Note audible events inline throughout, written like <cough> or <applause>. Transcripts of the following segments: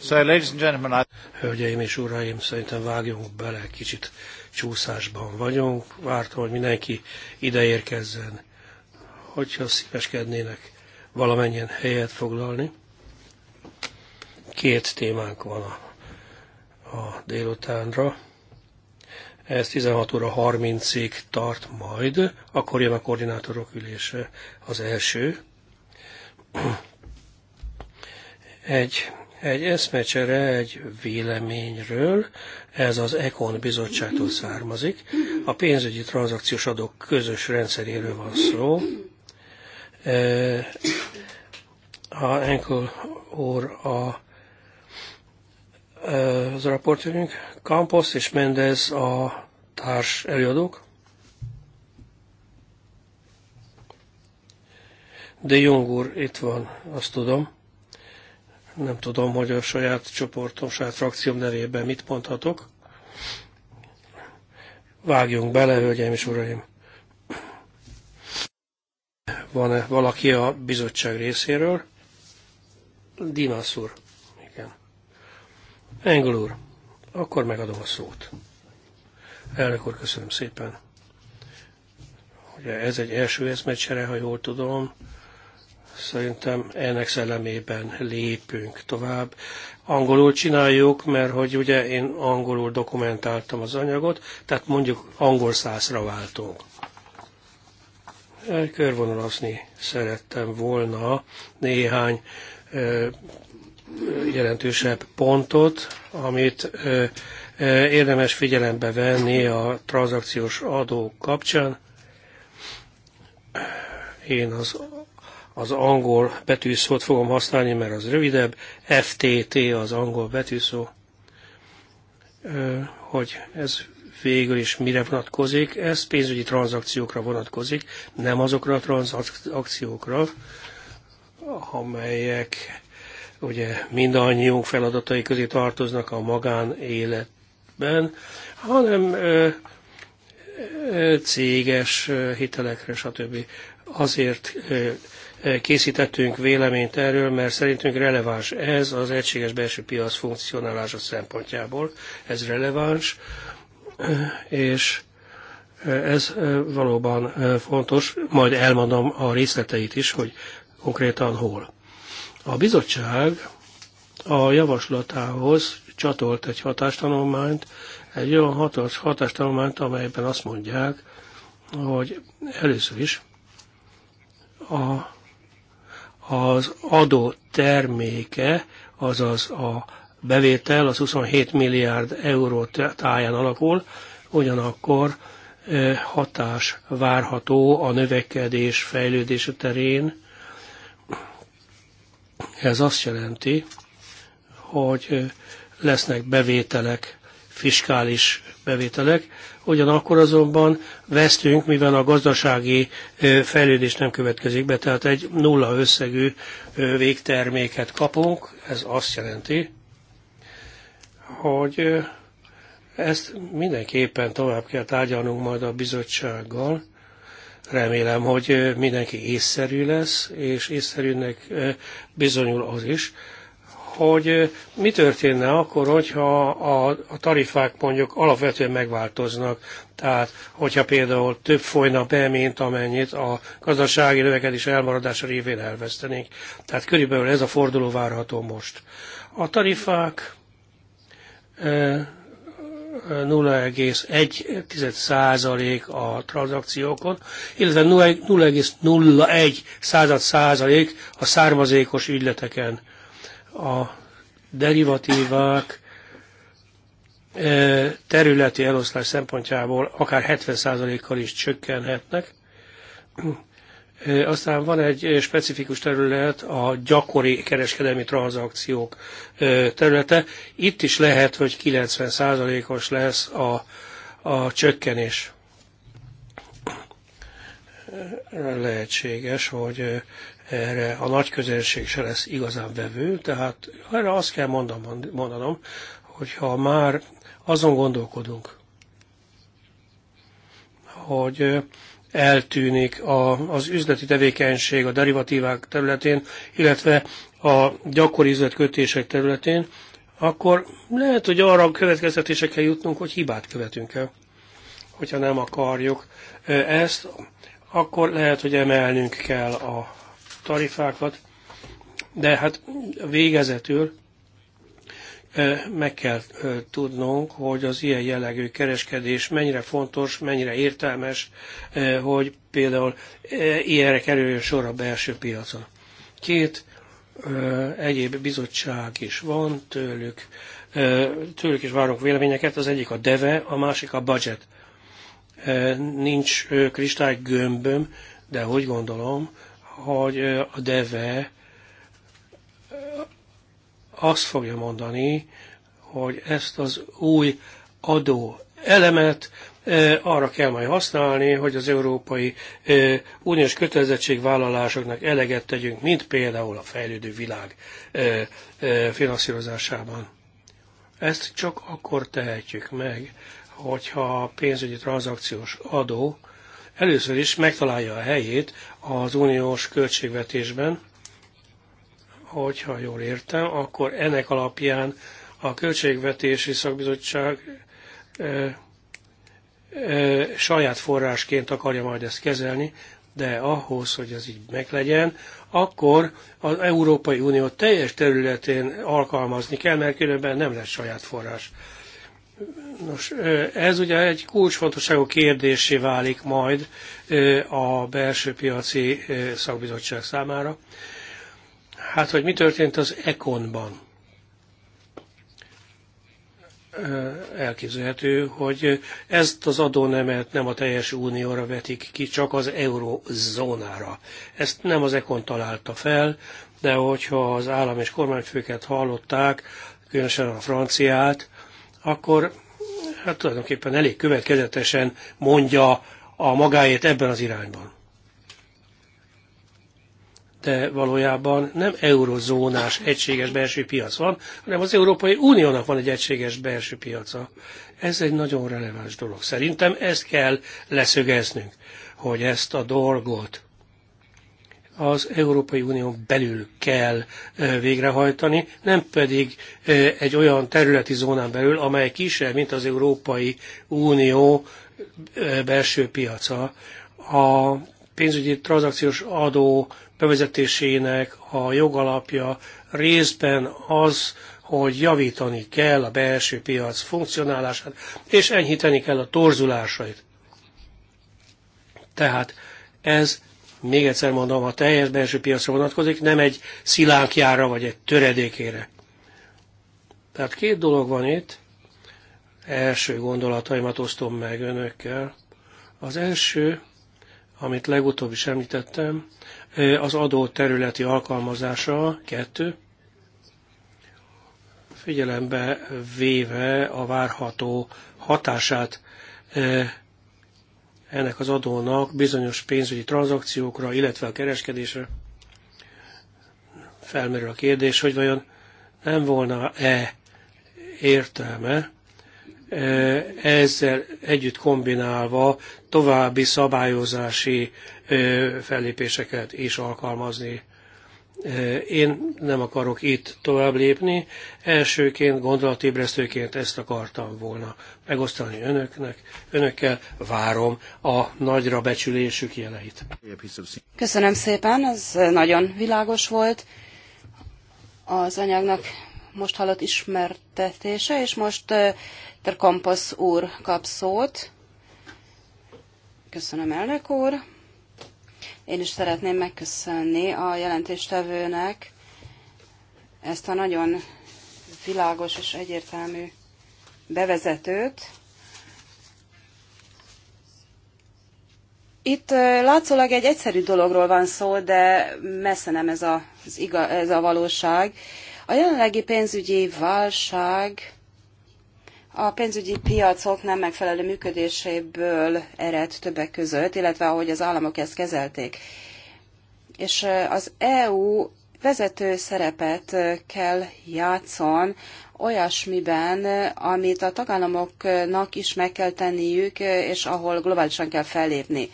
So, ladies and gentlemen, I... Hölgyeim és uraim, szerintem vágjunk bele, kicsit csúszásban vagyunk. Vártam, hogy mindenki ide érkezzen, hogyha szíveskednének valamennyien helyet foglalni. Két témánk van a, a délutánra. Ez 16 óra 30-ig tart majd, akkor jön a koordinátorok ülése az első. Egy egy eszmecsere egy véleményről, ez az Econ bizottságtól származik. A pénzügyi tranzakciós adók közös rendszeréről van szó. E, a Enkel úr a az raportőrünk, Campos és Mendez a társ előadók. De Jung úr itt van, azt tudom. Nem tudom, hogy a saját csoportom, saját frakcióm nevében mit mondhatok. Vágjunk bele, hölgyeim és uraim! Van-e valaki a bizottság részéről? Dimas úr. Igen. Engel úr. Akkor megadom a szót. Elnök úr, köszönöm szépen. Ugye ez egy első eszmecsere, ha jól tudom. Szerintem ennek szellemében lépünk tovább. Angolul csináljuk, mert hogy ugye én angolul dokumentáltam az anyagot, tehát mondjuk angol szászra váltunk. Körvonalazni szerettem volna néhány jelentősebb pontot, amit érdemes figyelembe venni a tranzakciós adó kapcsán. Én az az angol betűszót fogom használni, mert az rövidebb, FTT az angol betűszó, hogy ez végül is mire vonatkozik, ez pénzügyi tranzakciókra vonatkozik, nem azokra a tranzakciókra, amelyek ugye mindannyiunk feladatai közé tartoznak a magánéletben, hanem céges hitelekre, stb. Azért készítettünk véleményt erről, mert szerintünk releváns ez az egységes belső piac funkcionálása szempontjából. Ez releváns, és ez valóban fontos, majd elmondom a részleteit is, hogy konkrétan hol. A bizottság a javaslatához csatolt egy hatástanulmányt, egy olyan hatos hatástanulmányt, amelyben azt mondják, hogy először is a, az adó terméke, azaz a bevétel az 27 milliárd euró táján alakul, ugyanakkor hatás várható a növekedés fejlődése terén. Ez azt jelenti, hogy lesznek bevételek, fiskális bevételek, ugyanakkor azonban vesztünk, mivel a gazdasági fejlődés nem következik be, tehát egy nulla összegű végterméket kapunk, ez azt jelenti, hogy ezt mindenképpen tovább kell tárgyalnunk majd a bizottsággal. Remélem, hogy mindenki észszerű lesz, és észszerűnek bizonyul az is, hogy mi történne akkor, hogyha a, a tarifák mondjuk alapvetően megváltoznak. Tehát, hogyha például több folyna be, mint amennyit a gazdasági növekedés elmaradása révén elvesztenénk. Tehát körülbelül ez a forduló várható most. A tarifák 0,1% a tranzakciókon, illetve 0,01% a származékos ügyleteken a derivatívák e, területi eloszlás szempontjából akár 70%-kal is csökkenhetnek. E, aztán van egy specifikus terület, a gyakori kereskedelmi tranzakciók e, területe. Itt is lehet, hogy 90%-os lesz a, a csökkenés. Lehetséges, hogy erre a nagy közönség se lesz igazán vevő, tehát erre azt kell mondanom, hogyha már azon gondolkodunk, hogy eltűnik a, az üzleti tevékenység a derivatívák területén, illetve a gyakori üzletkötések területén, akkor lehet, hogy arra a következtetésekkel jutnunk, hogy hibát követünk el. Hogyha nem akarjuk ezt, akkor lehet, hogy emelnünk kell a tarifákat, de hát végezetül meg kell tudnunk, hogy az ilyen jellegű kereskedés mennyire fontos, mennyire értelmes, hogy például ilyenre kerüljön sor a belső piacon. Két egyéb bizottság is van, tőlük, tőlük is várunk véleményeket, az egyik a DEVE, a másik a budget. Nincs kristálygömböm, de úgy gondolom, hogy a DEVE azt fogja mondani, hogy ezt az új adó elemet arra kell majd használni, hogy az európai uniós kötelezettségvállalásoknak eleget tegyünk, mint például a fejlődő világ finanszírozásában. Ezt csak akkor tehetjük meg, hogyha a pénzügyi tranzakciós adó először is megtalálja a helyét az uniós költségvetésben, hogyha jól értem, akkor ennek alapján a Költségvetési Szakbizottság e, e, saját forrásként akarja majd ezt kezelni, de ahhoz, hogy ez így meglegyen, akkor az Európai Unió teljes területén alkalmazni kell, mert különben nem lesz saját forrás. Nos, ez ugye egy kulcsfontosságú kérdésé válik majd a belső piaci szakbizottság számára. Hát, hogy mi történt az Econban? Elképzelhető, hogy ezt az adónemet nem a teljes unióra vetik ki, csak az eurozónára. Ezt nem az Econ találta fel, de hogyha az állam és kormányfőket hallották, különösen a franciát, akkor hát tulajdonképpen elég következetesen mondja a magáét ebben az irányban. De valójában nem eurozónás egységes belső piac van, hanem az Európai Uniónak van egy egységes belső piaca. Ez egy nagyon releváns dolog. Szerintem ezt kell leszögeznünk, hogy ezt a dolgot az Európai unió belül kell végrehajtani, nem pedig egy olyan területi zónán belül, amely kisebb, mint az Európai Unió belső piaca. A pénzügyi tranzakciós adó bevezetésének a jogalapja részben az, hogy javítani kell a belső piac funkcionálását, és enyhíteni kell a torzulásait. Tehát ez még egyszer mondom, a teljes belső piacra vonatkozik, nem egy szilánkjára vagy egy töredékére. Tehát két dolog van itt. Első gondolataimat osztom meg önökkel. Az első, amit legutóbb is említettem, az adó területi alkalmazása, kettő, figyelembe véve a várható hatását ennek az adónak bizonyos pénzügyi tranzakciókra, illetve a kereskedésre. Felmerül a kérdés, hogy vajon nem volna-e értelme e, ezzel együtt kombinálva további szabályozási e, fellépéseket is alkalmazni. Eh, én nem akarok itt tovább lépni. Elsőként, gondolatébresztőként ezt akartam volna megosztani önöknek. Önökkel várom a nagyra becsülésük jeleit. Köszönöm szépen, ez nagyon világos volt. Az anyagnak most hallott ismertetése, és most eh, Terkompasz úr kap szót. Köszönöm, elnök úr. Én is szeretném megköszönni a jelentéstevőnek ezt a nagyon világos és egyértelmű bevezetőt. Itt látszólag egy egyszerű dologról van szó, de messze nem ez a, ez, a valóság. A jelenlegi pénzügyi válság a pénzügyi piacok nem megfelelő működéséből ered többek között, illetve ahogy az államok ezt kezelték. És az EU vezető szerepet kell játszon olyasmiben, amit a tagállamoknak is meg kell tenniük, és ahol globálisan kell fellépni.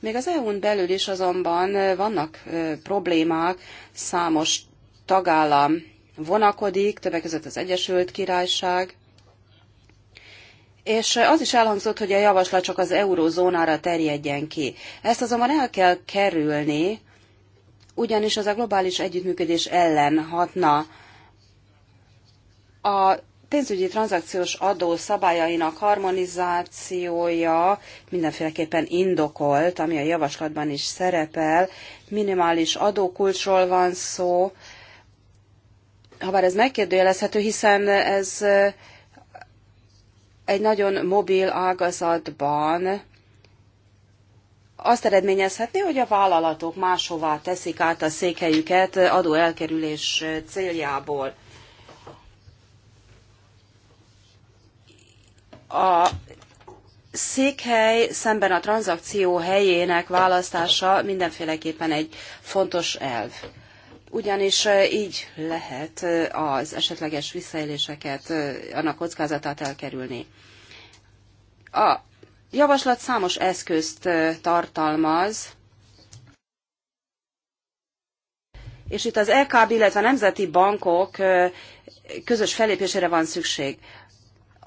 Még az EU-n belül is azonban vannak problémák, számos tagállam vonakodik, többek között az Egyesült Királyság, és az is elhangzott, hogy a javaslat csak az eurózónára terjedjen ki. Ezt azonban el kell kerülni, ugyanis az a globális együttműködés ellen hatna. A pénzügyi tranzakciós adó szabályainak harmonizációja mindenféleképpen indokolt, ami a javaslatban is szerepel. Minimális adókulcsról van szó, Ha bár ez megkérdőjelezhető, hiszen ez egy nagyon mobil ágazatban azt eredményezhetné, hogy a vállalatok máshová teszik át a székhelyüket adóelkerülés céljából. A székhely szemben a tranzakció helyének választása mindenféleképpen egy fontos elv ugyanis így lehet az esetleges visszaéléseket, annak kockázatát elkerülni. A javaslat számos eszközt tartalmaz, és itt az LKB, illetve a nemzeti bankok közös fellépésére van szükség.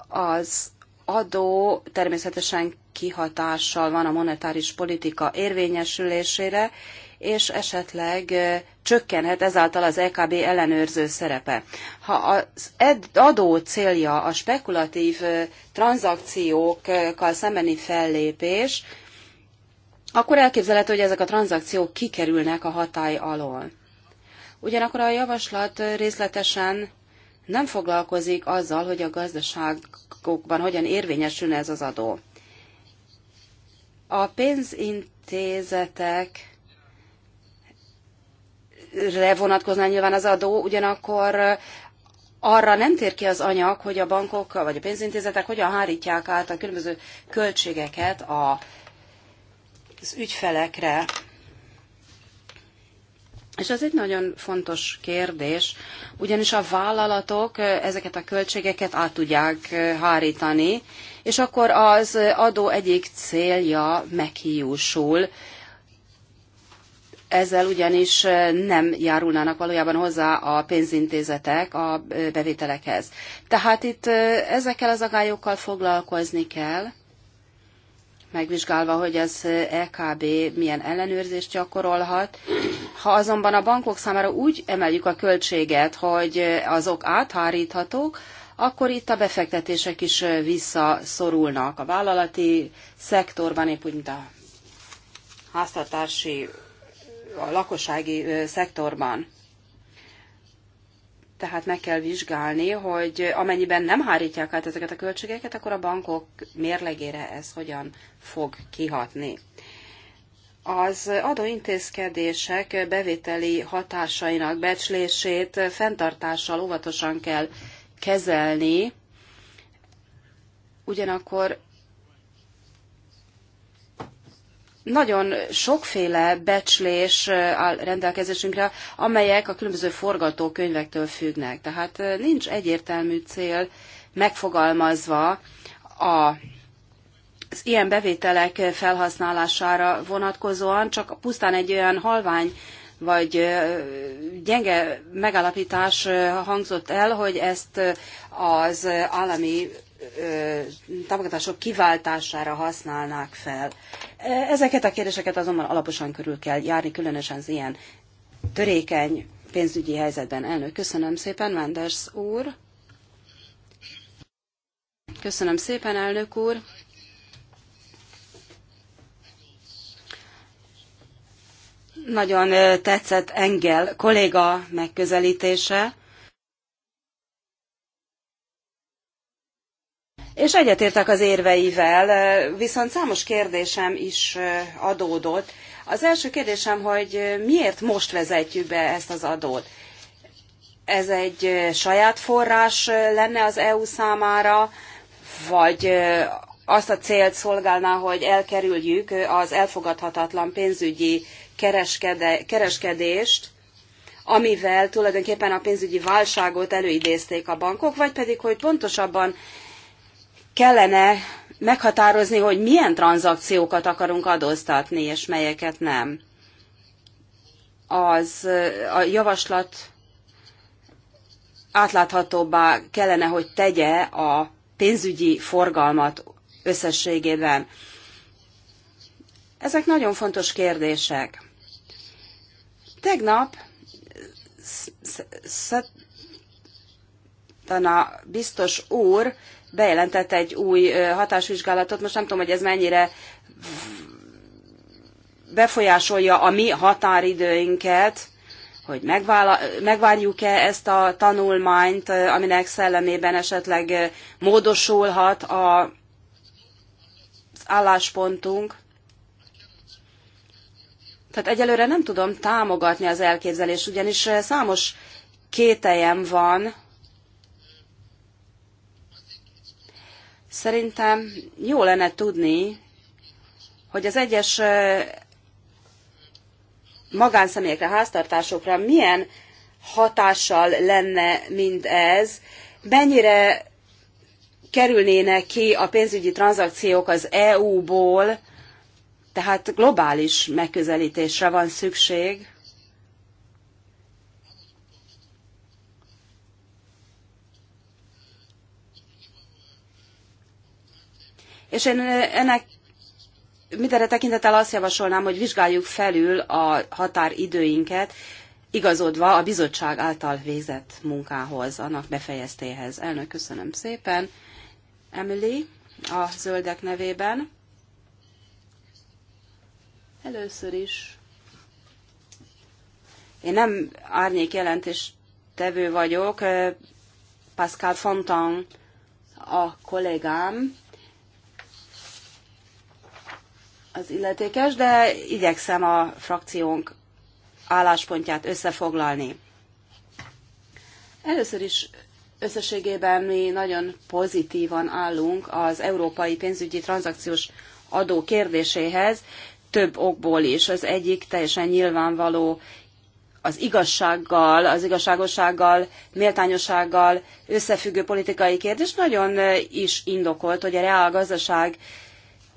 Az adó természetesen kihatással van a monetáris politika érvényesülésére, és esetleg csökkenhet ezáltal az EKB ellenőrző szerepe. Ha az adó célja a spekulatív tranzakciókkal szembeni fellépés, akkor elképzelhető, hogy ezek a tranzakciók kikerülnek a hatály alól. Ugyanakkor a javaslat részletesen nem foglalkozik azzal, hogy a gazdaságokban hogyan érvényesülne ez az adó. A pénzintézetek re vonatkozna nyilván az adó, ugyanakkor arra nem tér ki az anyag, hogy a bankok vagy a pénzintézetek hogyan hárítják át a különböző költségeket a, az ügyfelekre. És ez egy nagyon fontos kérdés, ugyanis a vállalatok ezeket a költségeket át tudják hárítani, és akkor az adó egyik célja meghiúsul, ezzel ugyanis nem járulnának valójában hozzá a pénzintézetek a bevételekhez. Tehát itt ezekkel az agályokkal foglalkozni kell, megvizsgálva, hogy az EKB milyen ellenőrzést gyakorolhat. Ha azonban a bankok számára úgy emeljük a költséget, hogy azok áthárítatók, akkor itt a befektetések is visszaszorulnak. A vállalati szektorban, épp úgy, mint a háztartási a lakossági szektorban. Tehát meg kell vizsgálni, hogy amennyiben nem hárítják át ezeket a költségeket, akkor a bankok mérlegére ez hogyan fog kihatni. Az adóintézkedések bevételi hatásainak becslését fenntartással óvatosan kell kezelni, ugyanakkor Nagyon sokféle becslés áll rendelkezésünkre, amelyek a különböző forgatókönyvektől függnek. Tehát nincs egyértelmű cél megfogalmazva a az ilyen bevételek felhasználására vonatkozóan csak pusztán egy olyan halvány vagy gyenge megállapítás hangzott el, hogy ezt az állami támogatások kiváltására használnák fel. E, ezeket a kérdéseket azonban alaposan körül kell járni, különösen az ilyen törékeny pénzügyi helyzetben. Elnök, köszönöm szépen, Wenders úr. Köszönöm szépen, elnök úr. Nagyon tetszett Engel kolléga megközelítése. És egyetértek az érveivel, viszont számos kérdésem is adódott. Az első kérdésem, hogy miért most vezetjük be ezt az adót? Ez egy saját forrás lenne az EU számára, vagy azt a célt szolgálná, hogy elkerüljük az elfogadhatatlan pénzügyi kereskedést, amivel tulajdonképpen a pénzügyi válságot előidézték a bankok, vagy pedig, hogy pontosabban kellene meghatározni, hogy milyen tranzakciókat akarunk adóztatni, és melyeket nem. Az a javaslat átláthatóbbá kellene, hogy tegye a pénzügyi forgalmat összességében. Ezek nagyon fontos kérdések. Tegnap Szatana biztos úr bejelentett egy új hatásvizsgálatot. Most nem tudom, hogy ez mennyire befolyásolja a mi határidőinket, hogy megvárjuk-e ezt a tanulmányt, aminek szellemében esetleg módosulhat a álláspontunk. Tehát egyelőre nem tudom támogatni az elképzelést, ugyanis számos kételjem van, Szerintem jó lenne tudni, hogy az egyes magánszemélyekre, háztartásokra milyen hatással lenne mindez, mennyire kerülnének ki a pénzügyi tranzakciók az EU-ból, tehát globális megközelítésre van szükség. És én ennek mindenre tekintettel azt javasolnám, hogy vizsgáljuk felül a határidőinket, igazodva a bizottság által végzett munkához, annak befejeztéhez. Elnök, köszönöm szépen. Emily, a zöldek nevében. Először is. Én nem árnyék jelentés tevő vagyok. Pascal Fontan a kollégám, az illetékes, de igyekszem a frakciónk álláspontját összefoglalni. Először is összességében mi nagyon pozitívan állunk az európai pénzügyi tranzakciós adó kérdéséhez, több okból is. Az egyik teljesen nyilvánvaló az igazsággal, az igazságossággal, méltányossággal összefüggő politikai kérdés nagyon is indokolt, hogy a reálgazdaság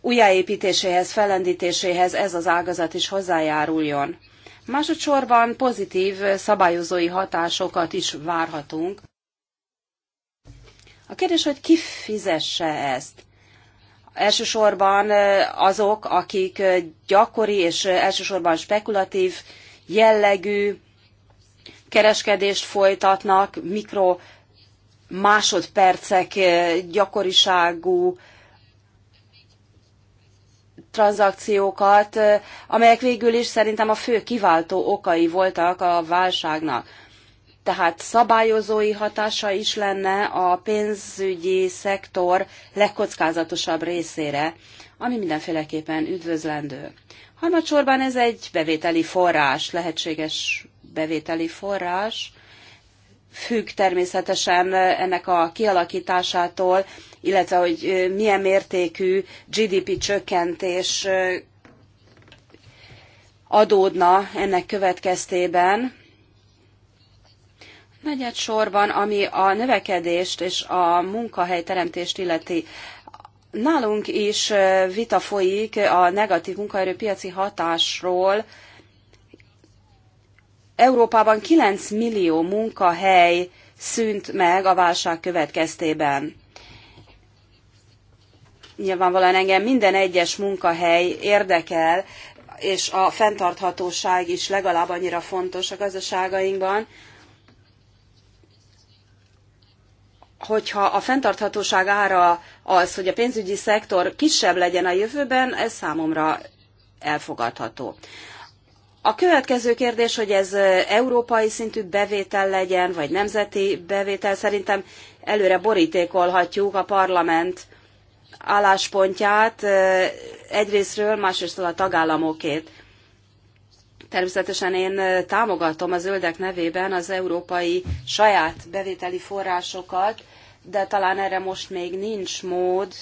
újjáépítéséhez, fellendítéséhez ez az ágazat is hozzájáruljon. Másodszorban pozitív szabályozói hatásokat is várhatunk. A kérdés, hogy ki fizesse ezt? Elsősorban azok, akik gyakori és elsősorban spekulatív jellegű kereskedést folytatnak, mikro másodpercek gyakoriságú tranzakciókat, amelyek végül is szerintem a fő kiváltó okai voltak a válságnak. Tehát szabályozói hatása is lenne a pénzügyi szektor legkockázatosabb részére, ami mindenféleképpen üdvözlendő. Harmadsorban ez egy bevételi forrás, lehetséges bevételi forrás, függ természetesen ennek a kialakításától, illetve hogy milyen mértékű GDP csökkentés adódna ennek következtében. Negyed sorban, ami a növekedést és a munkahelyteremtést illeti, nálunk is vita folyik a negatív munkaerőpiaci hatásról, Európában 9 millió munkahely szűnt meg a válság következtében. Nyilvánvalóan engem minden egyes munkahely érdekel, és a fenntarthatóság is legalább annyira fontos a gazdaságainkban, hogyha a fenntarthatóság ára az, hogy a pénzügyi szektor kisebb legyen a jövőben, ez számomra elfogadható. A következő kérdés, hogy ez európai szintű bevétel legyen, vagy nemzeti bevétel, szerintem előre borítékolhatjuk a parlament álláspontját egyrésztről, másrésztről a tagállamokét. Természetesen én támogatom a zöldek nevében az európai saját bevételi forrásokat, de talán erre most még nincs mód.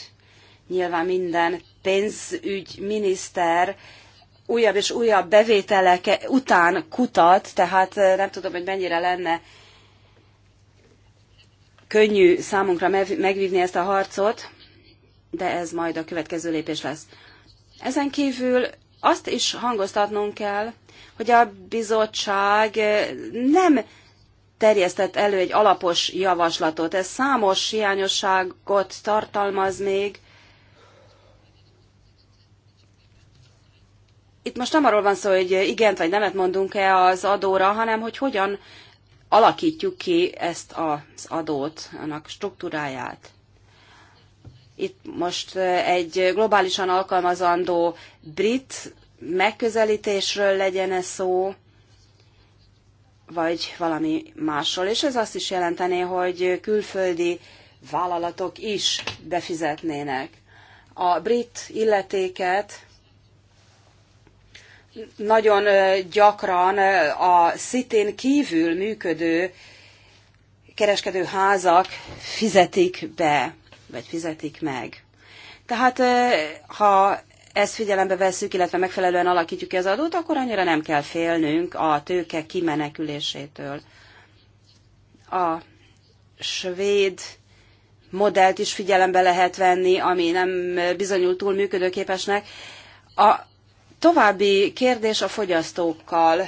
Nyilván minden pénzügyminiszter újabb és újabb bevételek után kutat, tehát eh, nem tudom, hogy mennyire lenne könnyű számunkra megvívni ezt a harcot, de ez majd a következő lépés lesz. Ezen kívül azt is hangoztatnunk kell, hogy a bizottság eh, nem terjesztett elő egy alapos javaslatot. Ez számos hiányosságot tartalmaz még, itt most nem arról van szó, hogy igent vagy nemet mondunk-e az adóra, hanem hogy hogyan alakítjuk ki ezt az adót, annak struktúráját. Itt most eh, egy globálisan alkalmazandó brit megközelítésről legyen -e szó, vagy valami másról. És ez azt is jelentené, hogy külföldi vállalatok is befizetnének. A brit illetéket nagyon gyakran a szitén kívül működő kereskedőházak fizetik be, vagy fizetik meg. Tehát ha ezt figyelembe vesszük, illetve megfelelően alakítjuk ki az adót, akkor annyira nem kell félnünk a tőke kimenekülésétől. A svéd modellt is figyelembe lehet venni, ami nem bizonyult túl működőképesnek. A további kérdés a fogyasztókkal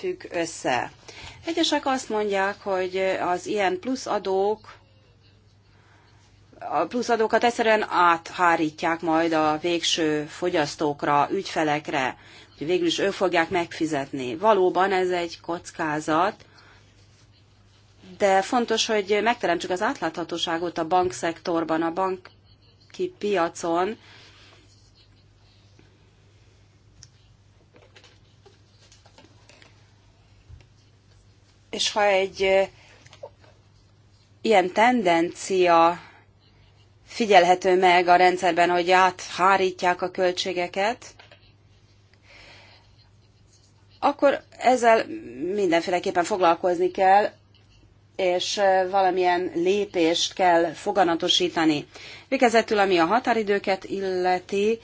függ össze. Egyesek azt mondják, hogy az ilyen plusz adók a plusz adókat egyszerűen áthárítják majd a végső fogyasztókra, ügyfelekre, hogy végül is ők fogják megfizetni. Valóban ez egy kockázat, de fontos, hogy megteremtsük az átláthatóságot a bankszektorban, a banki piacon, és ha egy ilyen tendencia figyelhető meg a rendszerben, hogy áthárítják a költségeket, akkor ezzel mindenféleképpen foglalkozni kell, és valamilyen lépést kell foganatosítani. Végezetül, ami a határidőket illeti,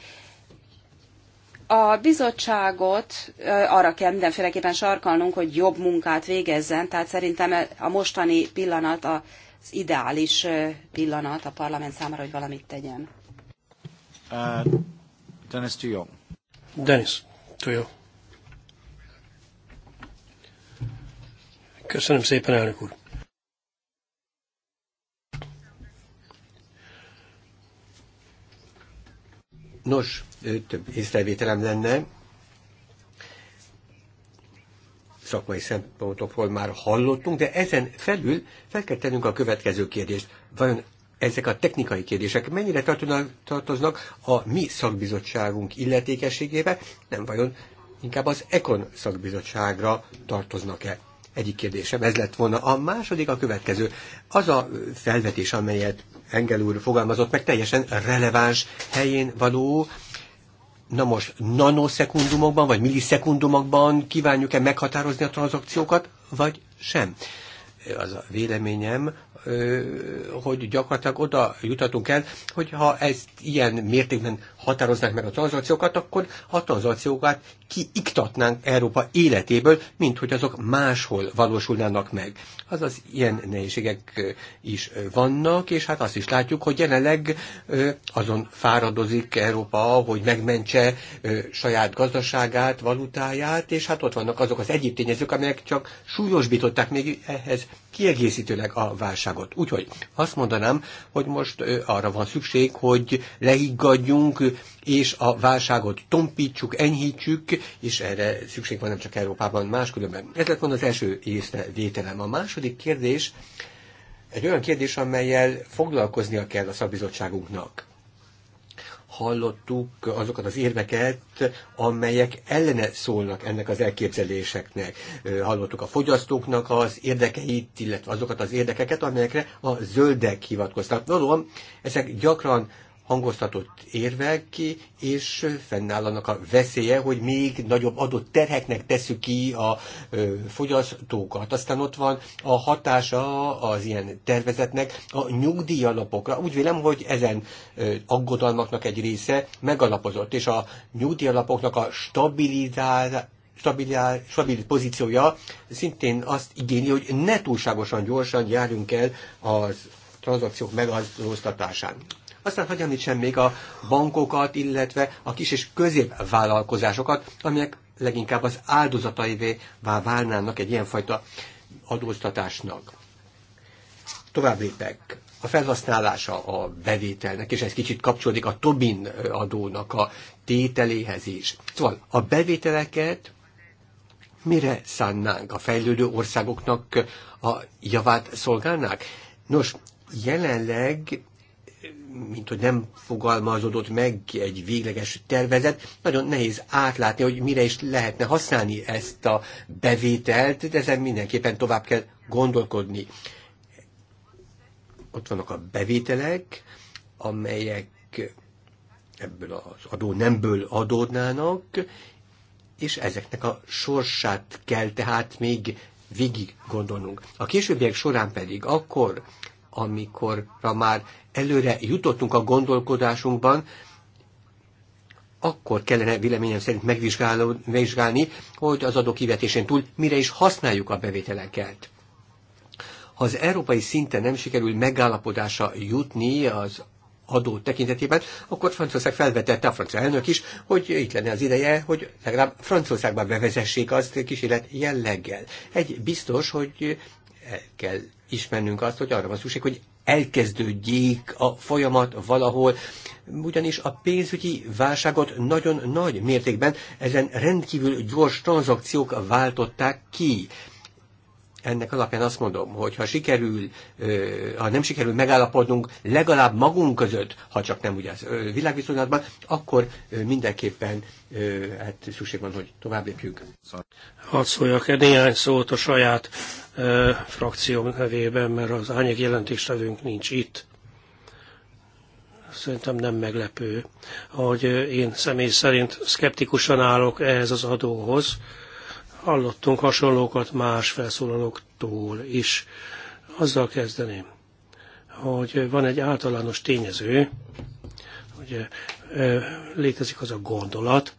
a bizottságot arra kell mindenféleképpen sarkalnunk, hogy jobb munkát végezzen, tehát szerintem e, a mostani pillanat az ideális pillanat a parlament számára, hogy valamit tegyen. Uh, Dennis Tujó. Dennis Tujó. Köszönöm szépen, elnök úr. Nos, több észrevételem lenne. Szakmai szempontokról már hallottunk, de ezen felül fel kell tennünk a következő kérdést. Vajon ezek a technikai kérdések mennyire tartoznak a mi szakbizottságunk illetékességébe, nem vajon inkább az Ekon szakbizottságra tartoznak-e? Egyik kérdésem ez lett volna. A második a következő. Az a felvetés, amelyet Engel úr fogalmazott meg, teljesen releváns helyén való, na most nanoszekundumokban vagy millisekundumokban kívánjuk-e meghatározni a tranzakciókat, vagy sem. Az a véleményem, hogy gyakorlatilag oda jutatunk el, hogy ha ezt ilyen mértékben határoznánk meg a tranzakciókat, akkor a tranzakciókat kiiktatnánk Európa életéből, mint hogy azok máshol valósulnának meg. Azaz ilyen nehézségek is vannak, és hát azt is látjuk, hogy jelenleg azon fáradozik Európa, hogy megmentse saját gazdaságát, valutáját, és hát ott vannak azok az egyéb tényezők, amelyek csak súlyosbították még ehhez kiegészítőleg a válságot. Úgyhogy azt mondanám, hogy most arra van szükség, hogy lehiggadjunk, és a válságot tompítsuk, enyhítsük, és erre szükség van nem csak Európában, máskülönben. Ez lett volna az első észrevételem. A második kérdés egy olyan kérdés, amelyel foglalkoznia kell a szakbizottságunknak hallottuk azokat az érveket, amelyek ellene szólnak ennek az elképzeléseknek. Hallottuk a fogyasztóknak az érdekeit, illetve azokat az érdekeket, amelyekre a zöldek hivatkoztak. Valóban ezek gyakran hangoztatott érvek, ki és fennáll annak a veszélye, hogy még nagyobb adott terheknek teszük ki a fogyasztókat. Aztán ott van a hatása az ilyen tervezetnek a nyugdíjalapokra. Úgy vélem, hogy ezen aggodalmaknak egy része megalapozott, és a nyugdíjalapoknak a stabilizál stabil, stabil pozíciója szintén azt igényli, hogy ne túlságosan gyorsan járjunk el az tranzakciók megadóztatásán. Aztán hagyj említsem még a bankokat, illetve a kis és középvállalkozásokat, amelyek leginkább az áldozataivé válnának egy ilyenfajta adóztatásnak. Tovább lépek. A felhasználása a bevételnek, és ez kicsit kapcsolódik a Tobin adónak a tételéhez is. Szóval a bevételeket mire szánnánk? A fejlődő országoknak a javát szolgálnák? Nos, jelenleg mint hogy nem fogalmazódott meg egy végleges tervezet, nagyon nehéz átlátni, hogy mire is lehetne használni ezt a bevételt, de ezen mindenképpen tovább kell gondolkodni. Ott vannak a bevételek, amelyek ebből az adó nemből adódnának, és ezeknek a sorsát kell tehát még végig gondolnunk. A későbbiek során pedig akkor, amikor már előre jutottunk a gondolkodásunkban, akkor kellene véleményem szerint megvizsgálni, hogy az adó kivetésén túl mire is használjuk a bevételeket. Ha az európai szinten nem sikerül megállapodása jutni az adó tekintetében, akkor Franciaország felvetette a francia elnök is, hogy itt lenne az ideje, hogy legalább Franciaországban bevezessék azt kísérlet jelleggel. Egy biztos, hogy el kell ismernünk azt, hogy arra van szükség, hogy elkezdődjék a folyamat valahol, ugyanis a pénzügyi válságot nagyon nagy mértékben ezen rendkívül gyors tranzakciók váltották ki ennek alapján azt mondom, hogy ha sikerül, ha nem sikerül megállapodnunk legalább magunk között, ha csak nem ugye az világviszonylatban, akkor mindenképpen hát szükség van, hogy tovább lépjünk. Hadd szóljak egy néhány szót a saját frakcióm nevében, mert az ányeg jelentéstevőnk nincs itt. Szerintem nem meglepő, hogy én személy szerint szkeptikusan állok ehhez az adóhoz. Hallottunk hasonlókat más felszólalóktól is. Azzal kezdeném, hogy van egy általános tényező, hogy létezik az a gondolat,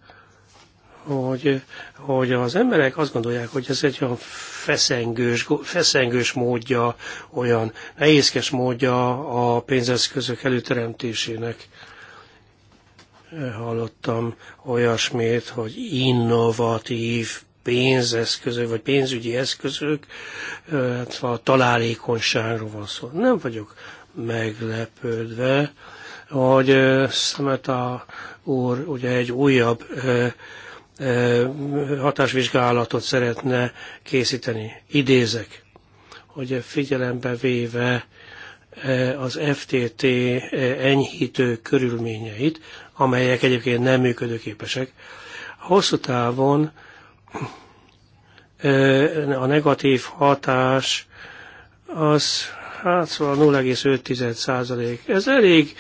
hogy, hogy az emberek azt gondolják, hogy ez egy olyan feszengős, feszengős módja, olyan nehézkes módja a pénzeszközök előteremtésének. Hallottam olyasmét, hogy innovatív pénzeszközök, vagy pénzügyi eszközök, hát a találékonyságról van szó. Nem vagyok meglepődve, hogy Szemeta úr ugye egy újabb hatásvizsgálatot szeretne készíteni. Idézek, hogy figyelembe véve az FTT enyhítő körülményeit, amelyek egyébként nem működőképesek, hosszú távon a negatív hatás az hát szóval 0,5 Ez elég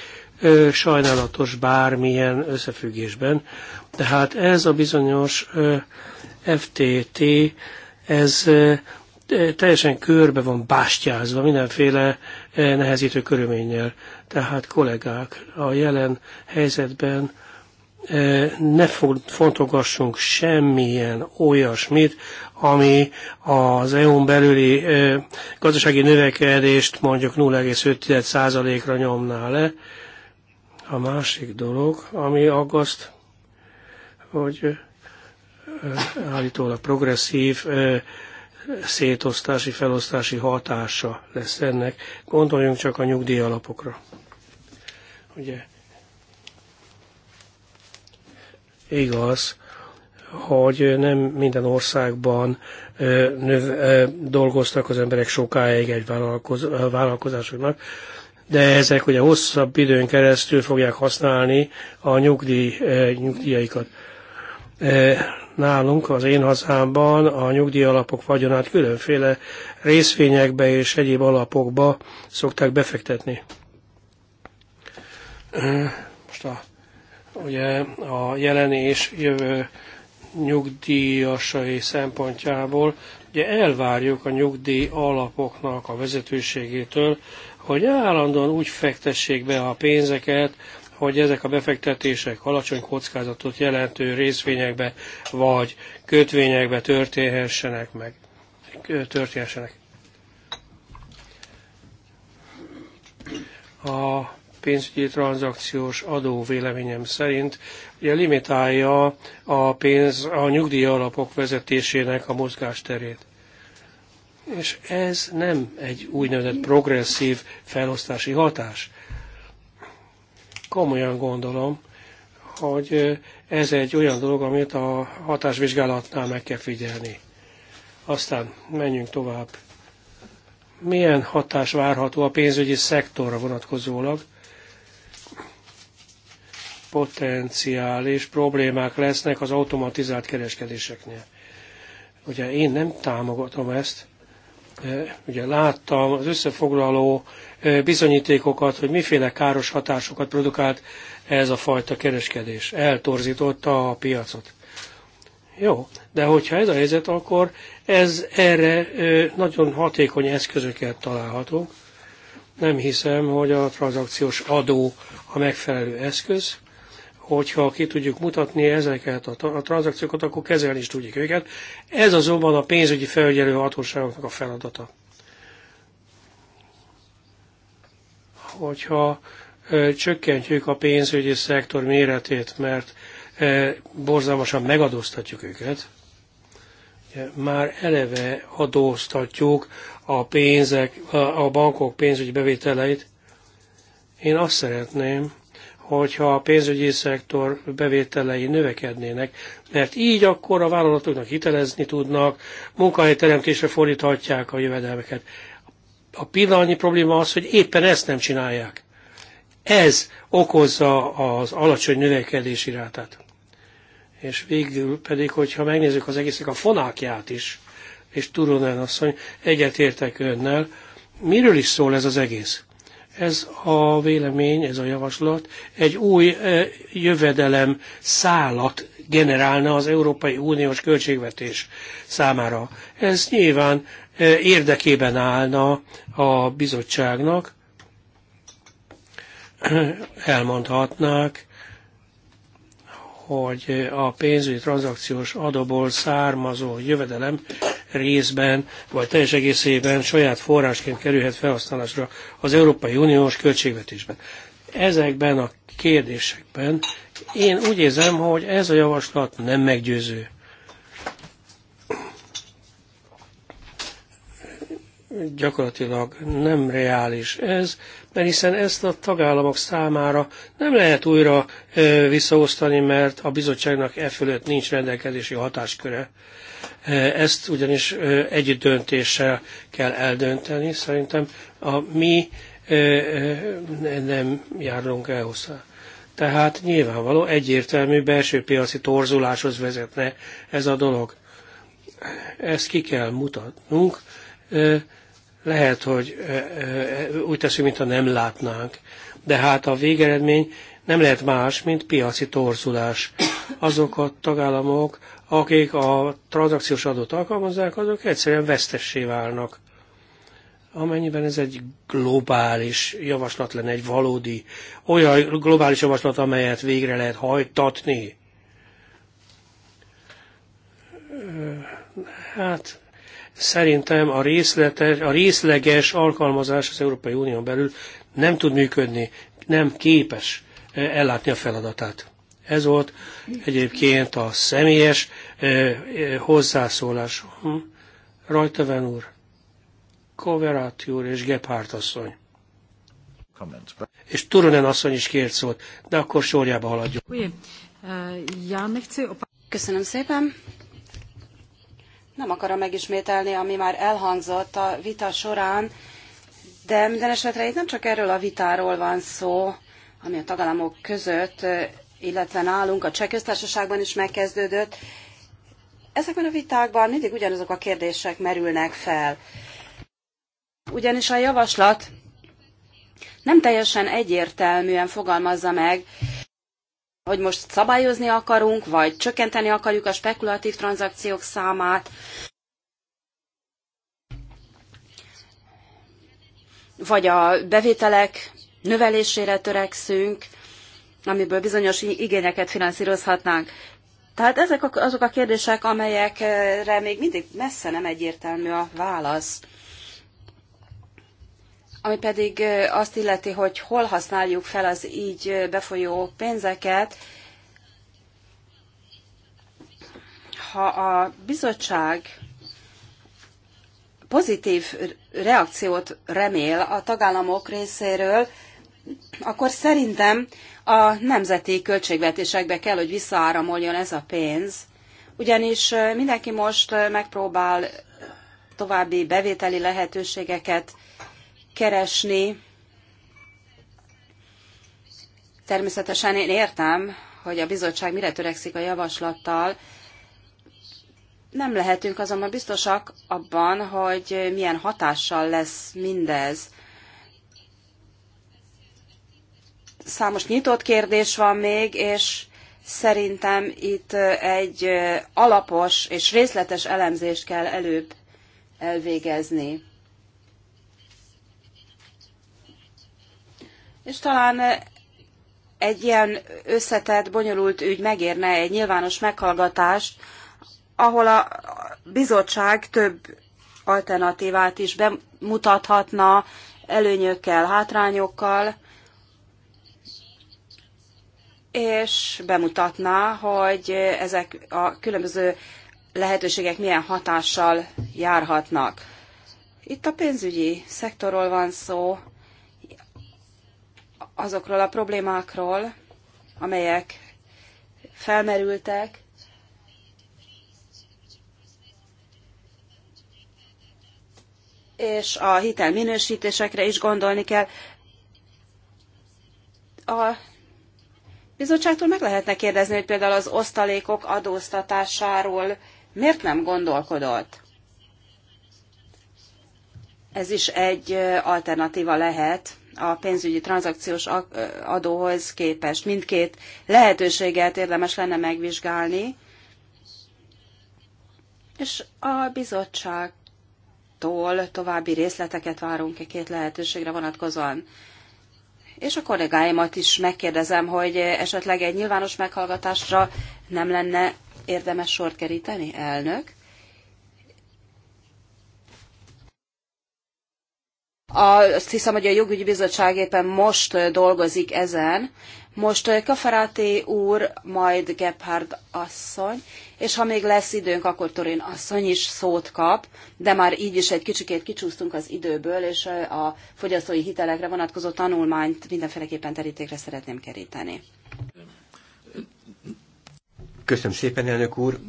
sajnálatos bármilyen összefüggésben. Tehát ez a bizonyos FTT, ez teljesen körbe van bástyázva mindenféle nehezítő körülménnyel. Tehát kollégák, a jelen helyzetben ne fontogassunk semmilyen olyasmit, ami az EU-n belüli gazdasági növekedést mondjuk 0,5%-ra nyomná le, a másik dolog, ami aggaszt, hogy állítólag progresszív szétosztási, felosztási hatása lesz ennek. Gondoljunk csak a nyugdíj alapokra. Ugye igaz, hogy nem minden országban növ, dolgoztak az emberek sokáig egy vállalkozásoknak de ezek ugye hosszabb időn keresztül fogják használni a nyugdíj, eh, nyugdíjaikat. Eh, nálunk, az én hazámban a nyugdíjalapok vagyonát különféle részvényekbe és egyéb alapokba szokták befektetni. Eh, most a, ugye a jelen és jövő nyugdíjasai szempontjából ugye elvárjuk a nyugdíj alapoknak a vezetőségétől, hogy állandóan úgy fektessék be a pénzeket, hogy ezek a befektetések alacsony kockázatot jelentő részvényekbe vagy kötvényekbe történhessenek meg. Történhessenek. A pénzügyi tranzakciós adó véleményem szerint ugye limitálja a pénz a nyugdíj alapok vezetésének a mozgásterét. És ez nem egy úgynevezett progresszív felosztási hatás. Komolyan gondolom, hogy ez egy olyan dolog, amit a hatásvizsgálatnál meg kell figyelni. Aztán menjünk tovább. Milyen hatás várható a pénzügyi szektorra vonatkozólag? Potenciális problémák lesznek az automatizált kereskedéseknél. Ugye én nem támogatom ezt, ugye láttam az összefoglaló bizonyítékokat, hogy miféle káros hatásokat produkált ez a fajta kereskedés. Eltorzította a piacot. Jó, de hogyha ez a helyzet, akkor ez erre nagyon hatékony eszközöket találhatunk. Nem hiszem, hogy a tranzakciós adó a megfelelő eszköz hogyha ki tudjuk mutatni ezeket a, a tranzakciókat, akkor kezelni is tudjuk őket. Ez azonban a pénzügyi felügyelő hatóságoknak a feladata. Hogyha ö, csökkentjük a pénzügyi szektor méretét, mert ö, borzalmasan megadóztatjuk őket, már eleve adóztatjuk a pénzek, a, a bankok pénzügyi bevételeit. Én azt szeretném, hogyha a pénzügyi szektor bevételei növekednének, mert így akkor a vállalatoknak hitelezni tudnak, munkahelyteremtésre fordíthatják a jövedelmeket. A pillanatnyi probléma az, hogy éppen ezt nem csinálják. Ez okozza az alacsony növekedési rátát. És végül pedig, hogyha megnézzük az egésznek a fonákját is, és Turunen asszony, egyetértek önnel, miről is szól ez az egész? Ez a vélemény, ez a javaslat egy új e, jövedelem szállat generálna az Európai Uniós költségvetés számára. Ez nyilván e, érdekében állna a bizottságnak, elmondhatnák, hogy a pénzügyi tranzakciós adóból származó jövedelem részben vagy teljes egészében saját forrásként kerülhet felhasználásra az Európai Uniós költségvetésben. Ezekben a kérdésekben én úgy érzem, hogy ez a javaslat nem meggyőző. gyakorlatilag nem reális ez, mert hiszen ezt a tagállamok számára nem lehet újra visszaosztani, mert a bizottságnak e fölött nincs rendelkezési hatásköre. Ezt ugyanis együtt döntéssel kell eldönteni. Szerintem a mi nem járunk el hozzá. Tehát nyilvánvaló egyértelmű belső piaci torzuláshoz vezetne ez a dolog. Ezt ki kell mutatnunk. Lehet, hogy úgy teszünk, mintha nem látnánk. De hát a végeredmény nem lehet más, mint piaci torzulás. Azok a tagállamok, akik a tranzakciós adót alkalmazzák, azok egyszerűen vesztessé válnak. Amennyiben ez egy globális javaslat lenne, egy valódi, olyan globális javaslat, amelyet végre lehet hajtatni. Hát szerintem a, részletes, a részleges alkalmazás az Európai Unión belül nem tud működni, nem képes eh, ellátni a feladatát. Ez volt egyébként a személyes hozzászólás. Hm? Rajtaven úr, Koverati úr és Gephardt asszony. És Turunen asszony is kért szót, de akkor sorjába haladjuk. E, Köszönöm szépen. Nem akarom megismételni, ami már elhangzott a vita során, de minden esetre itt nem csak erről a vitáról van szó, ami a tagállamok között illetve nálunk a Cseh Köztársaságban is megkezdődött. Ezekben a vitákban mindig ugyanazok a kérdések merülnek fel. Ugyanis a javaslat nem teljesen egyértelműen fogalmazza meg, hogy most szabályozni akarunk, vagy csökkenteni akarjuk a spekulatív tranzakciók számát, vagy a bevételek növelésére törekszünk, amiből bizonyos igényeket finanszírozhatnánk. Tehát ezek azok a kérdések, amelyekre még mindig messze nem egyértelmű a válasz. Ami pedig azt illeti, hogy hol használjuk fel az így befolyó pénzeket, ha a bizottság pozitív reakciót remél a tagállamok részéről, akkor szerintem a nemzeti költségvetésekbe kell, hogy visszaáramoljon ez a pénz, ugyanis mindenki most megpróbál további bevételi lehetőségeket keresni. Természetesen én értem, hogy a bizottság mire törekszik a javaslattal. Nem lehetünk azonban biztosak abban, hogy milyen hatással lesz mindez számos nyitott kérdés van még, és szerintem itt egy alapos és részletes elemzést kell előbb elvégezni. És talán egy ilyen összetett, bonyolult ügy megérne egy nyilvános meghallgatást, ahol a bizottság több alternatívát is bemutathatna előnyökkel, hátrányokkal, és bemutatná, hogy ezek a különböző lehetőségek milyen hatással járhatnak. Itt a pénzügyi szektorról van szó, azokról a problémákról, amelyek felmerültek, és a hitel minősítésekre is gondolni kell. A bizottságtól meg lehetne kérdezni, hogy például az osztalékok adóztatásáról miért nem gondolkodott? Ez is egy alternatíva lehet a pénzügyi tranzakciós adóhoz képest. Mindkét lehetőséget érdemes lenne megvizsgálni, és a bizottságtól további részleteket várunk e két lehetőségre vonatkozóan és a kollégáimat is megkérdezem, hogy esetleg egy nyilvános meghallgatásra nem lenne érdemes sort keríteni, elnök. Azt hiszem, hogy a jogügyi bizottság éppen most dolgozik ezen, most eh, Kafaráti úr, majd Gebhard asszony, és ha még lesz időnk, akkor Torin asszony is szót kap, de már így is egy kicsikét kicsúsztunk az időből, és eh, a fogyasztói hitelekre vonatkozó tanulmányt mindenféleképpen terítékre szeretném keríteni. Köszönöm szépen, elnök úr!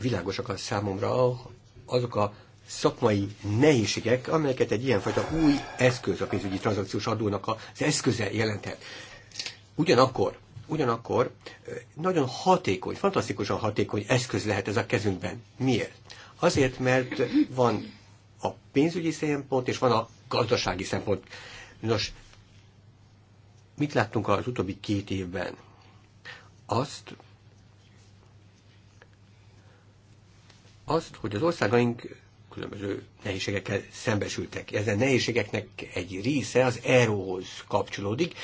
Világosak a számomra azok a szakmai nehézségek, amelyeket egy ilyenfajta új eszköz a pénzügyi tranzakciós adónak az eszköze jelentett. Ugyanakkor, ugyanakkor nagyon hatékony, fantasztikusan hatékony eszköz lehet ez a kezünkben. Miért? Azért, mert van a pénzügyi szempont, és van a gazdasági szempont. Nos, mit láttunk az utóbbi két évben? Azt, azt, hogy az országaink különböző nehézségekkel szembesültek. Ezen nehézségeknek egy része az Eróhoz kapcsolódik,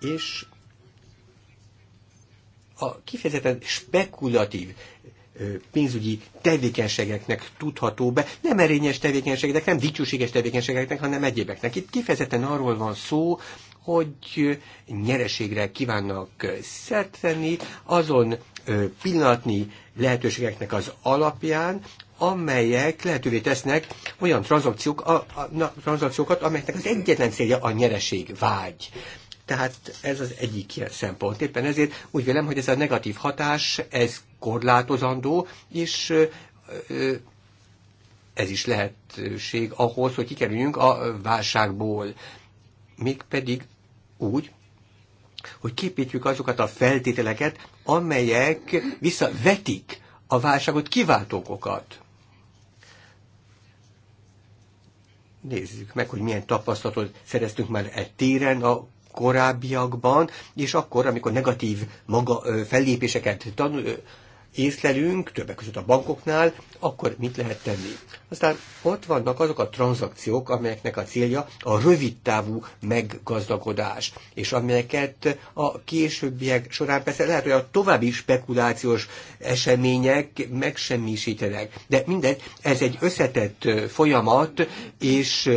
és a kifejezetten spekulatív pénzügyi tevékenységeknek tudható be, nem erényes tevékenységeknek, nem dicsőséges tevékenységeknek, hanem egyébeknek. Itt kifejezetten arról van szó, hogy nyereségre kívánnak szert tenni azon pillanatni lehetőségeknek az alapján, amelyek lehetővé tesznek olyan tranzakciók, a, a, tranzakciókat, amelyeknek az egyetlen célja a nyereség vágy. Tehát ez az egyik szempont. Éppen ezért úgy vélem, hogy ez a negatív hatás, ez korlátozandó, és ez is lehetőség ahhoz, hogy kikerüljünk a válságból. Mégpedig úgy, hogy képítjük azokat a feltételeket, amelyek visszavetik a válságot kiváltókokat. nézzük meg, hogy milyen tapasztalatot szereztünk már egy téren a korábbiakban, és akkor, amikor negatív maga, fellépéseket tanul, észlelünk, többek között a bankoknál, akkor mit lehet tenni? Aztán ott vannak azok a tranzakciók, amelyeknek a célja a rövidtávú meggazdagodás, és amelyeket a későbbiek során persze lehet, hogy a további spekulációs események megsemmisítenek. De mindegy, ez egy összetett folyamat, és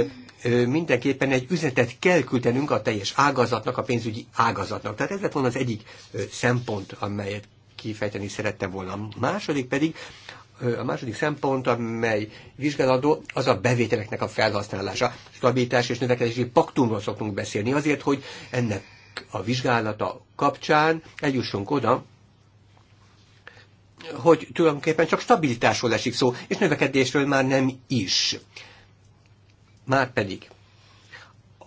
mindenképpen egy üzenetet kell küldenünk a teljes ágazatnak, a pénzügyi ágazatnak. Tehát ez lett volna az egyik szempont, amelyet kifejteni szerettem volna. A második pedig, a második szempont, amely vizsgálandó, az a bevételeknek a felhasználása. Stabilitás és növekedési paktumról szoktunk beszélni azért, hogy ennek a vizsgálata kapcsán eljussunk oda, hogy tulajdonképpen csak stabilitásról esik szó, és növekedésről már nem is. Márpedig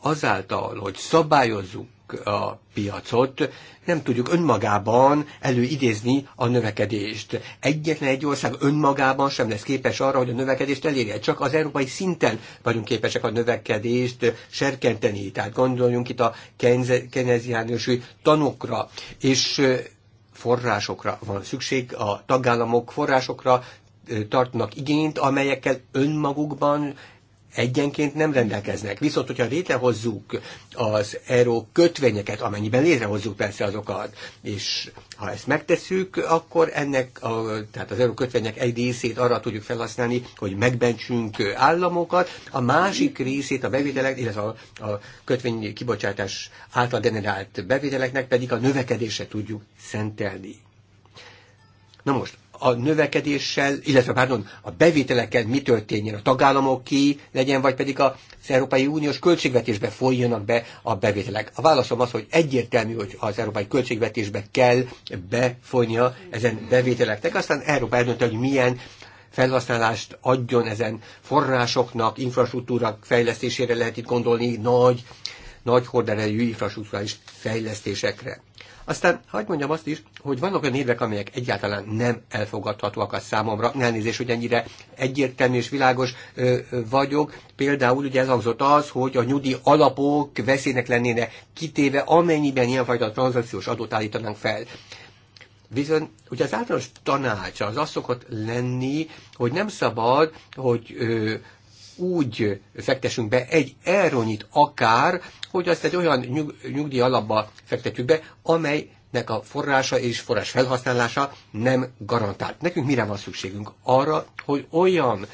azáltal, hogy szabályozzuk a piacot, nem tudjuk önmagában előidézni a növekedést. Egyetlen egy ország önmagában sem lesz képes arra, hogy a növekedést elérje. Csak az európai szinten vagyunk képesek a növekedést serkenteni. Tehát gondoljunk itt a keneziánus tanokra és forrásokra van szükség, a tagállamok forrásokra tartnak igényt, amelyekkel önmagukban egyenként nem rendelkeznek. Viszont, hogyha létrehozzuk az euró kötvényeket, amennyiben létrehozzuk persze azokat, és ha ezt megtesszük, akkor ennek, a, tehát az euró kötvények egy részét arra tudjuk felhasználni, hogy megbentsünk államokat, a másik részét a bevételek, illetve a, a kötvény kibocsátás által generált bevételeknek pedig a növekedésre tudjuk szentelni. Na most, a növekedéssel, illetve pardon, a bevételekkel mi történjen, a tagállamok ki legyen, vagy pedig az Európai Uniós költségvetésbe folyjanak be a bevételek. A válaszom az, hogy egyértelmű, hogy az európai költségvetésbe kell befolynia ezen bevételeknek, aztán Európa eldönti, hogy milyen felhasználást adjon ezen forrásoknak, infrastruktúra fejlesztésére lehet itt gondolni, nagy nagy horderejű infrastruktúrális fejlesztésekre. Aztán hagyd mondjam azt is, hogy vannak olyan érvek, amelyek egyáltalán nem elfogadhatóak a számomra. Elnézést, hogy ennyire egyértelmű és világos ö, vagyok. Például ugye elhangzott az, hogy a nyugdíj alapok veszélynek lennének kitéve, amennyiben ilyenfajta tranzakciós adót állítanánk fel. Viszont ugye az általános tanács az az szokott lenni, hogy nem szabad, hogy ö, úgy fektessünk be egy elronyit akár, hogy azt egy olyan nyug, nyugdíj alapba fektetjük be, amelynek a forrása és forrás felhasználása nem garantált. Nekünk mire van szükségünk? Arra, hogy olyan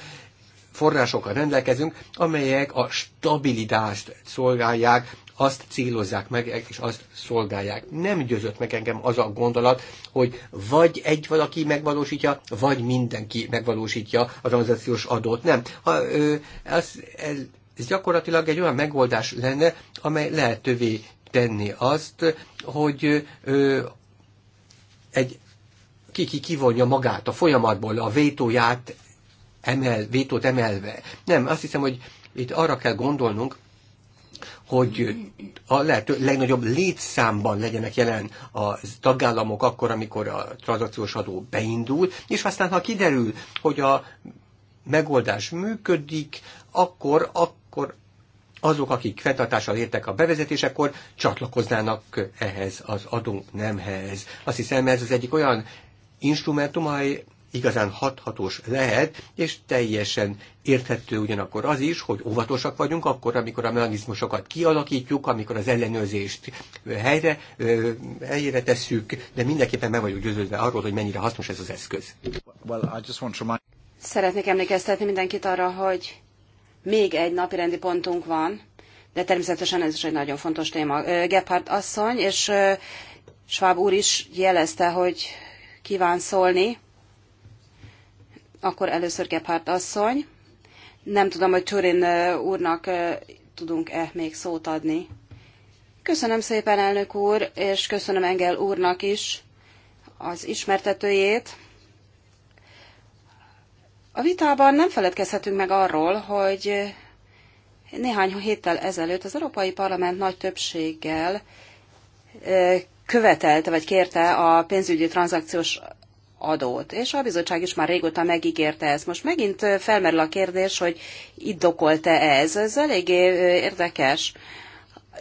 forrásokkal rendelkezünk, amelyek a stabilitást szolgálják, azt célozzák meg, és azt szolgálják. Nem győzött meg engem az a gondolat, hogy vagy egy valaki megvalósítja, vagy mindenki megvalósítja a tranzakciós adót. Nem. Ha, ö, ez, ez, ez gyakorlatilag egy olyan megoldás lenne, amely lehetővé tenni azt, hogy ö, egy kiki kivonja magát a folyamatból, a vétóját emel, vétót emelve. Nem, azt hiszem, hogy itt arra kell gondolnunk, hogy a lehető legnagyobb létszámban legyenek jelen a tagállamok akkor, amikor a tranzakciós adó beindul, és aztán ha kiderül, hogy a megoldás működik, akkor, akkor azok, akik fenntartással értek a bevezetésekor, csatlakoznának ehhez az adónemhez. Azt hiszem, ez az egyik olyan instrumentum, amely igazán hathatós lehet, és teljesen érthető ugyanakkor az is, hogy óvatosak vagyunk akkor, amikor a mechanizmusokat kialakítjuk, amikor az ellenőrzést helyre, helyre tesszük, de mindenképpen meg vagyunk győződve arról, hogy mennyire hasznos ez az eszköz. Well, remind... Szeretnék emlékeztetni mindenkit arra, hogy még egy napi rendi pontunk van, de természetesen ez is egy nagyon fontos téma. Gephardt asszony és Schwab úr is jelezte, hogy kíván szólni. Akkor először Gephardt asszony. Nem tudom, hogy Turin úrnak tudunk-e még szót adni. Köszönöm szépen, elnök úr, és köszönöm Engel úrnak is az ismertetőjét. A vitában nem feledkezhetünk meg arról, hogy néhány héttel ezelőtt az Európai Parlament nagy többséggel követelte vagy kérte a pénzügyi tranzakciós adót. És a bizottság is már régóta megígérte ezt. Most megint felmerül a kérdés, hogy iddokolt-e ez. Ez eléggé érdekes.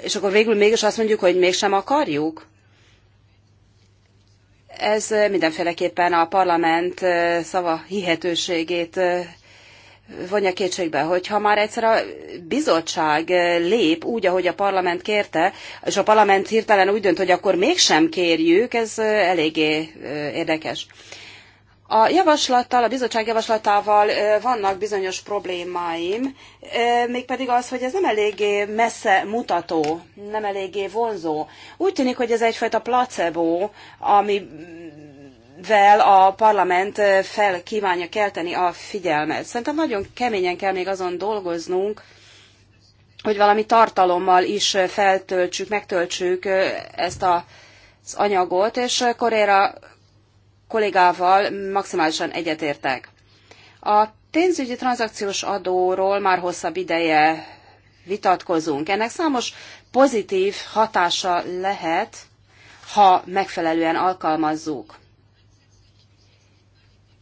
És akkor végül mégis azt mondjuk, hogy mégsem akarjuk? Ez mindenféleképpen a parlament szava hihetőségét vonja kétségbe, hogy ha már egyszer a bizottság eh, lép úgy, ahogy a parlament kérte, és a parlament hirtelen úgy dönt, hogy akkor mégsem kérjük, ez eh, eléggé eh, érdekes. A javaslattal, a bizottság javaslatával vannak bizonyos problémáim, mégpedig az, hogy ez nem eléggé messze mutató, nem eléggé vonzó. Úgy tűnik, hogy ez egyfajta placebo, ami vel a parlament fel kívánja kelteni a figyelmet. Szerintem nagyon keményen kell még azon dolgoznunk, hogy valami tartalommal is feltöltsük, megtöltsük ezt a, az anyagot, és Koréra kollégával maximálisan egyetértek. A pénzügyi tranzakciós adóról már hosszabb ideje vitatkozunk. Ennek számos pozitív hatása lehet, ha megfelelően alkalmazzuk.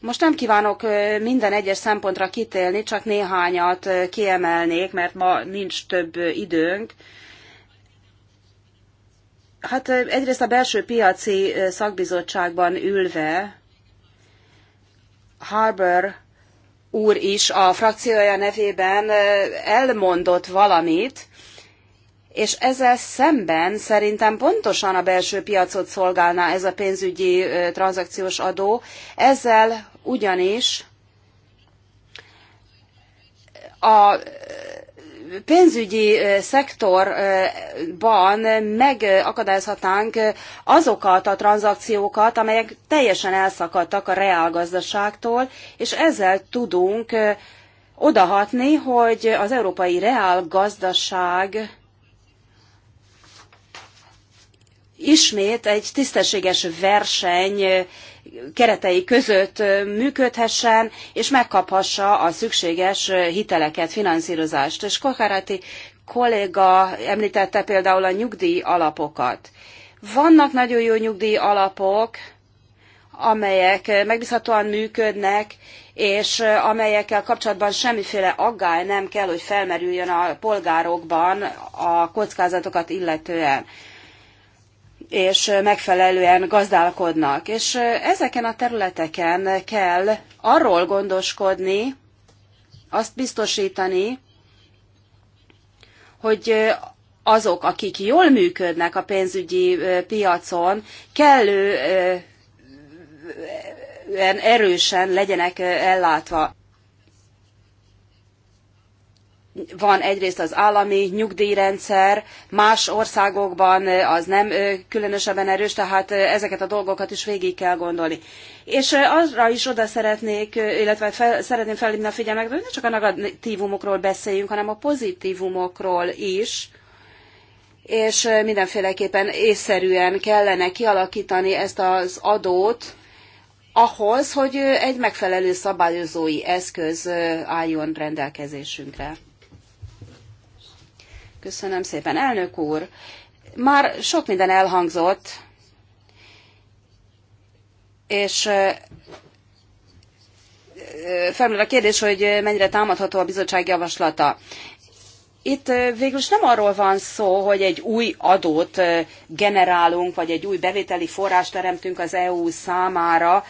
Most nem kívánok minden egyes szempontra kitélni, csak néhányat kiemelnék, mert ma nincs több időnk. Hát egyrészt a belső piaci szakbizottságban ülve Harbour úr is a frakciója nevében elmondott valamit, és ezzel szemben szerintem pontosan a belső piacot szolgálná ez a pénzügyi tranzakciós adó, ezzel ugyanis a pénzügyi szektorban megakadályozhatnánk azokat a tranzakciókat, amelyek teljesen elszakadtak a reálgazdaságtól, és ezzel tudunk odahatni, hogy az európai reálgazdaság ismét egy tisztességes verseny keretei között működhessen, és megkaphassa a szükséges hiteleket, finanszírozást. És Kokáráti kolléga említette például a nyugdíj alapokat. Vannak nagyon jó nyugdíj alapok, amelyek megbízhatóan működnek, és amelyekkel kapcsolatban semmiféle aggály nem kell, hogy felmerüljön a polgárokban a kockázatokat illetően és megfelelően gazdálkodnak. És ezeken a területeken kell arról gondoskodni, azt biztosítani, hogy azok, akik jól működnek a pénzügyi piacon, kellően erősen legyenek ellátva van egyrészt az állami nyugdíjrendszer, más országokban az nem különösebben erős, tehát ezeket a dolgokat is végig kell gondolni. És arra is oda szeretnék, illetve fel, szeretném felhívni a figyelmet, hogy ne csak a negatívumokról beszéljünk, hanem a pozitívumokról is, és mindenféleképpen észszerűen kellene kialakítani ezt az adót, ahhoz, hogy egy megfelelő szabályozói eszköz álljon rendelkezésünkre. Köszönöm szépen, elnök úr. Már sok minden elhangzott, és felmerül a kérdés, hogy mennyire támadható a bizottság javaslata. Itt végülis nem arról van szó, hogy egy új adót generálunk, vagy egy új bevételi forrást teremtünk az EU számára.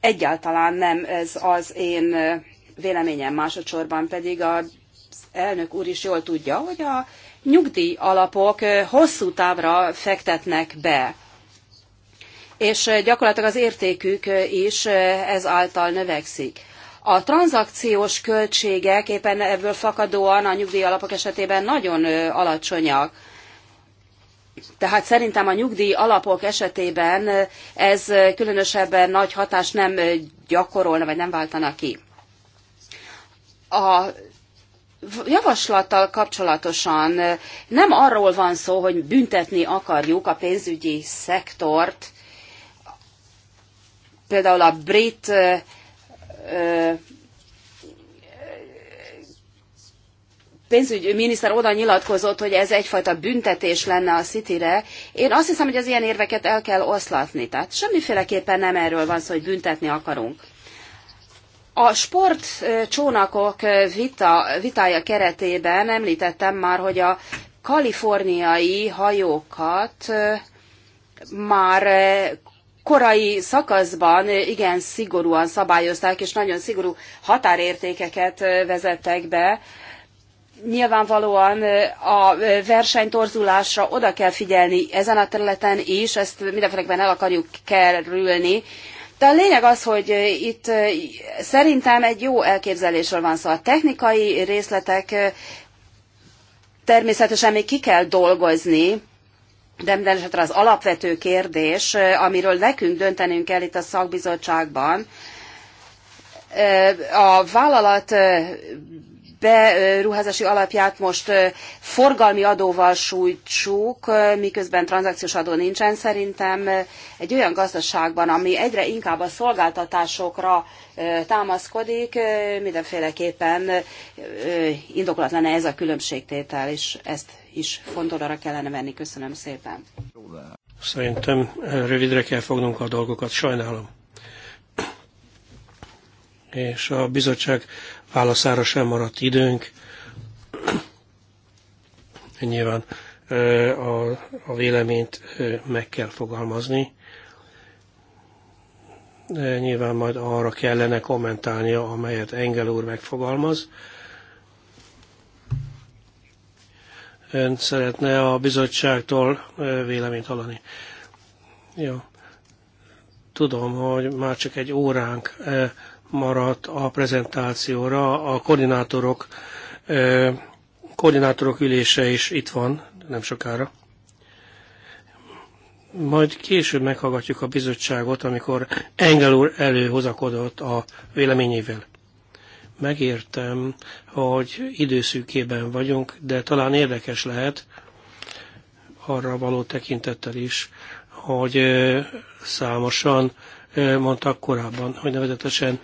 Egyáltalán nem ez az én véleményem másodszorban pedig a elnök úr is jól tudja, hogy a nyugdíj alapok hosszú távra fektetnek be. És gyakorlatilag az értékük is ez által növekszik. A tranzakciós költségek éppen ebből fakadóan a nyugdíjalapok esetében nagyon alacsonyak. Tehát szerintem a nyugdíj alapok esetében ez különösebben nagy hatást nem gyakorolna, vagy nem váltana ki. A javaslattal kapcsolatosan nem arról van szó, hogy büntetni akarjuk a pénzügyi szektort, például a brit pénzügyminiszter oda nyilatkozott, hogy ez egyfajta büntetés lenne a Cityre. Én azt hiszem, hogy az ilyen érveket el kell oszlatni. Tehát semmiféleképpen nem erről van szó, hogy büntetni akarunk. A sportcsónakok vita, vitája keretében említettem már, hogy a kaliforniai hajókat már korai szakaszban igen szigorúan szabályozták, és nagyon szigorú határértékeket vezettek be. Nyilvánvalóan a versenytorzulásra oda kell figyelni ezen a területen is, ezt mindenféleképpen el akarjuk kerülni, de a lényeg az, hogy itt szerintem egy jó elképzelésről van szó. A technikai részletek természetesen még ki kell dolgozni, de minden esetre az alapvető kérdés, amiről nekünk döntenünk kell itt a szakbizottságban, a vállalat beruházási alapját most forgalmi adóval sújtsuk, miközben tranzakciós adó nincsen, szerintem egy olyan gazdaságban, ami egyre inkább a szolgáltatásokra támaszkodik, mindenféleképpen indokolatlan ez a különbségtétel, és ezt is fontolra kellene venni. Köszönöm szépen. Szerintem rövidre kell fognunk a dolgokat, sajnálom. És a bizottság válaszára sem maradt időnk. <clears throat> Nyilván a, a véleményt meg kell fogalmazni. De nyilván majd arra kellene kommentálnia, amelyet Engel úr megfogalmaz. Ön szeretne a bizottságtól véleményt hallani. Jó. Tudom, hogy már csak egy óránk maradt a prezentációra, a koordinátorok, koordinátorok ülése is itt van, nem sokára. Majd később meghallgatjuk a bizottságot, amikor Engel úr előhozakodott a véleményével. Megértem, hogy időszűkében vagyunk, de talán érdekes lehet arra való tekintettel is, hogy számosan mondtak korábban, hogy nevezetesen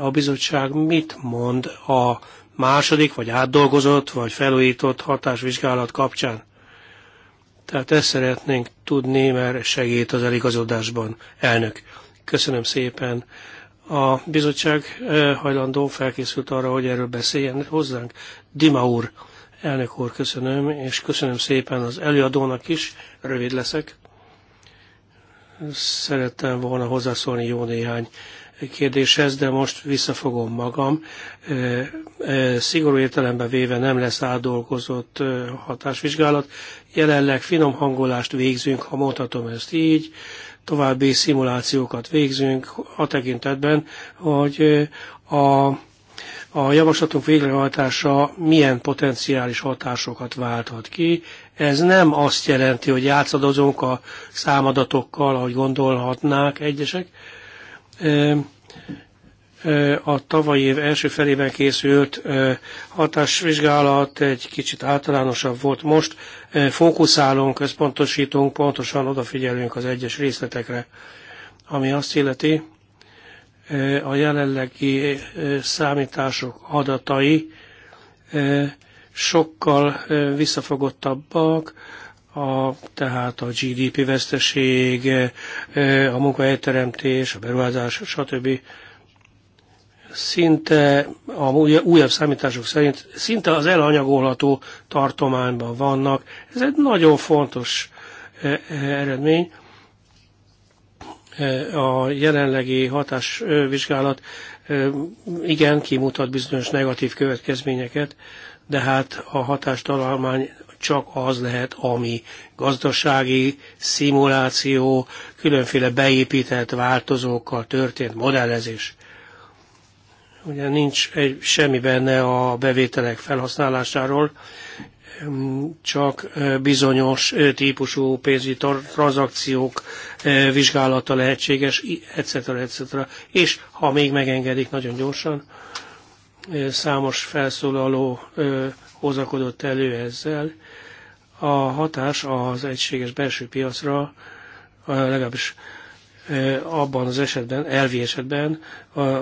a bizottság mit mond a második, vagy átdolgozott, vagy felújított hatásvizsgálat kapcsán. Tehát ezt szeretnénk tudni, mert segít az eligazodásban. Elnök, köszönöm szépen. A bizottság hajlandó felkészült arra, hogy erről beszéljen hozzánk. Dima úr, elnök úr, köszönöm, és köszönöm szépen az előadónak is, rövid leszek. Szerettem volna hozzászólni jó néhány kérdéshez, de most visszafogom magam. E, e, szigorú értelemben véve nem lesz átdolgozott e, hatásvizsgálat. Jelenleg finom hangolást végzünk, ha mondhatom ezt így, további szimulációkat végzünk a tekintetben, hogy a, a javaslatunk végrehajtása milyen potenciális hatásokat válthat ki, ez nem azt jelenti, hogy játszadozunk a számadatokkal, ahogy gondolhatnák egyesek. A tavalyi év első felében készült hatásvizsgálat egy kicsit általánosabb volt most. Fókuszálunk, központosítunk, pontosan odafigyelünk az egyes részletekre, ami azt illeti, a jelenlegi számítások adatai sokkal visszafogottabbak, a, tehát a GDP veszteség, a munkahelyteremtés, a beruházás, stb. Szinte a újabb számítások szerint szinte az elanyagolható tartományban vannak. Ez egy nagyon fontos eredmény. A jelenlegi hatásvizsgálat igen kimutat bizonyos negatív következményeket, de hát a hatástalálmány csak az lehet, ami gazdasági szimuláció, különféle beépített változókkal történt modellezés. Ugye nincs egy, semmi benne a bevételek felhasználásáról, mm, csak bizonyos típusú pénzügyi tranzakciók vizsgálata lehetséges, etc. etc. És ha még megengedik nagyon gyorsan, Számos felszólaló hozakodott elő ezzel. A hatás az egységes belső piacra, legalábbis abban az esetben, elvi esetben,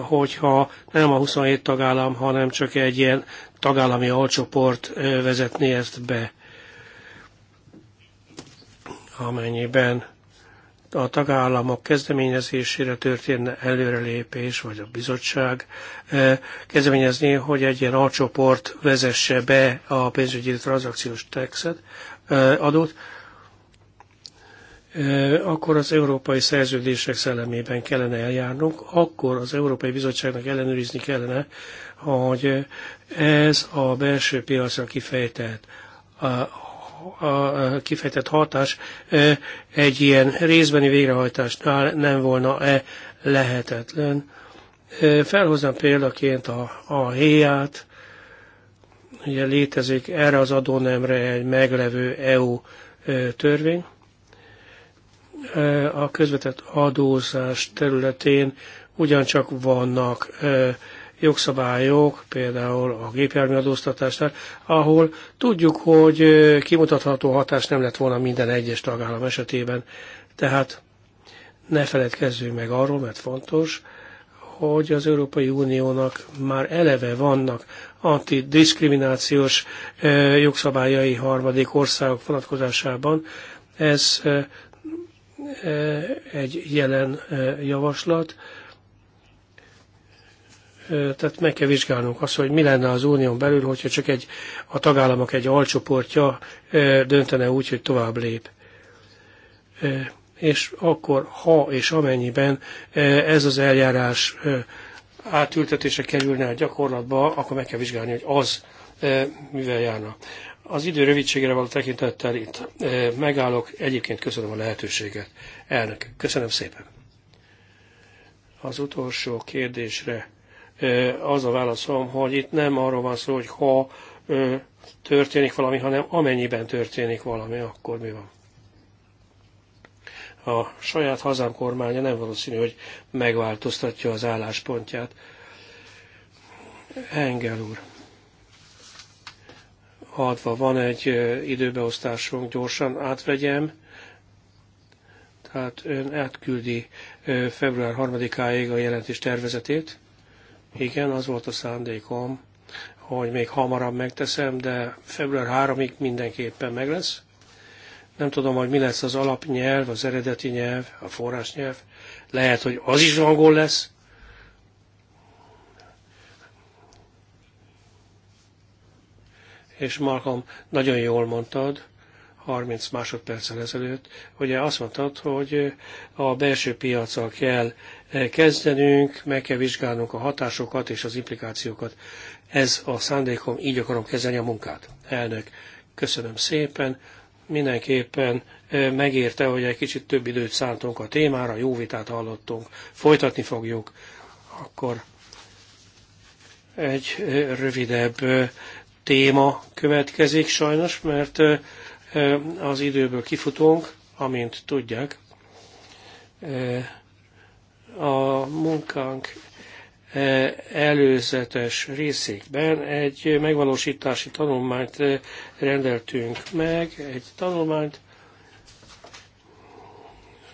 hogyha nem a 27 tagállam, hanem csak egy ilyen tagállami alcsoport vezetné ezt be, amennyiben a tagállamok kezdeményezésére történne előrelépés, vagy a bizottság eh, kezdeményezni, hogy egy ilyen alcsoport vezesse be a pénzügyi tranzakciós taxet, eh, adót, eh, akkor az európai szerződések szellemében kellene eljárnunk, akkor az Európai Bizottságnak ellenőrizni kellene, hogy ez a belső piacra kifejtett a kifejtett hatás egy ilyen részbeni végrehajtásnál nem volna-e lehetetlen. Felhozom példaként a, a héját, ugye létezik erre az adónemre egy meglevő EU törvény. A közvetett adózás területén ugyancsak vannak jogszabályok, például a gépjárműadóztatásnál, ahol tudjuk, hogy kimutatható hatás nem lett volna minden egyes tagállam esetében. Tehát ne feledkezzünk meg arról, mert fontos, hogy az Európai Uniónak már eleve vannak antidiszkriminációs jogszabályai harmadik országok vonatkozásában. Ez egy jelen javaslat, tehát meg kell vizsgálnunk azt, hogy mi lenne az unión belül, hogyha csak egy, a tagállamok egy alcsoportja döntene úgy, hogy tovább lép. És akkor, ha és amennyiben ez az eljárás átültetése kerülne a gyakorlatba, akkor meg kell vizsgálni, hogy az mivel járna. Az idő rövidségére való tekintettel itt megállok. Egyébként köszönöm a lehetőséget. Elnök, köszönöm szépen. Az utolsó kérdésre az a válaszom, hogy itt nem arról van szó, hogy ha történik valami, hanem amennyiben történik valami, akkor mi van. A saját hazám kormánya nem valószínű, hogy megváltoztatja az álláspontját. Engel úr adva van egy időbeosztásunk, gyorsan átvegyem. Tehát ön átküldi február 3-áig a jelentés tervezetét. Igen, az volt a szándékom, hogy még hamarabb megteszem, de február 3-ig mindenképpen meg lesz. Nem tudom, hogy mi lesz az alapnyelv, az eredeti nyelv, a forrásnyelv. Lehet, hogy az is angol lesz. És Malcolm, nagyon jól mondtad, 30 másodperccel ezelőtt, ugye azt mondtad, hogy a belső piacsal kell kezdenünk, meg kell vizsgálnunk a hatásokat és az implikációkat. Ez a szándékom, így akarom kezelni a munkát. Elnök, köszönöm szépen. Mindenképpen megérte, hogy egy kicsit több időt szántunk a témára, jó vitát hallottunk, folytatni fogjuk. Akkor egy rövidebb téma következik sajnos, mert az időből kifutunk, amint tudják a munkánk e, előzetes részékben egy megvalósítási tanulmányt e, rendeltünk meg, egy tanulmányt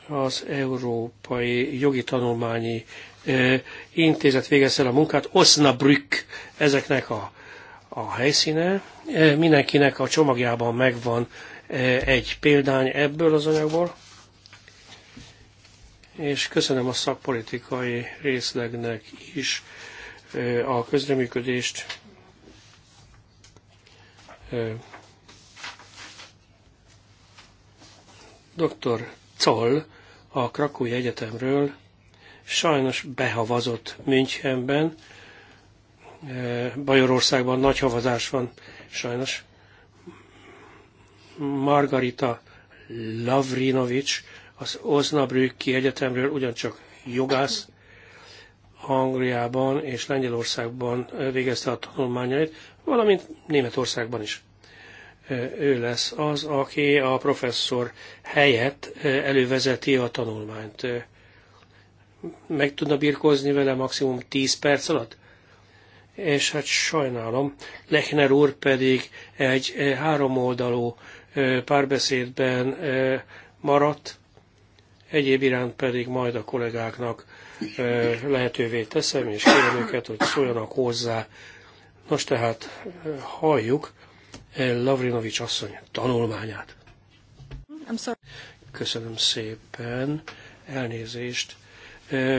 az Európai Jogi Tanulmányi e, Intézet végezte a munkát, Osnabrück ezeknek a, a helyszíne. Mindenkinek a csomagjában megvan egy példány ebből az anyagból és köszönöm a szakpolitikai részlegnek is a közreműködést. Dr. Zoll a Krakói Egyetemről sajnos behavazott Münchenben. Bajorországban nagy havazás van, sajnos. Margarita Lavrinovics az Osnabrücki Egyetemről ugyancsak jogász, Angliában és Lengyelországban végezte a tanulmányait, valamint Németországban is. Ő lesz az, aki a professzor helyett elővezeti a tanulmányt. Meg tudna birkózni vele maximum 10 perc alatt? És hát sajnálom, Lechner úr pedig egy háromoldalú párbeszédben maradt, Egyéb iránt pedig majd a kollégáknak lehetővé teszem, és kérem őket, hogy szóljanak hozzá. Nos tehát halljuk Lavrinovics asszony tanulmányát. Köszönöm szépen, elnézést,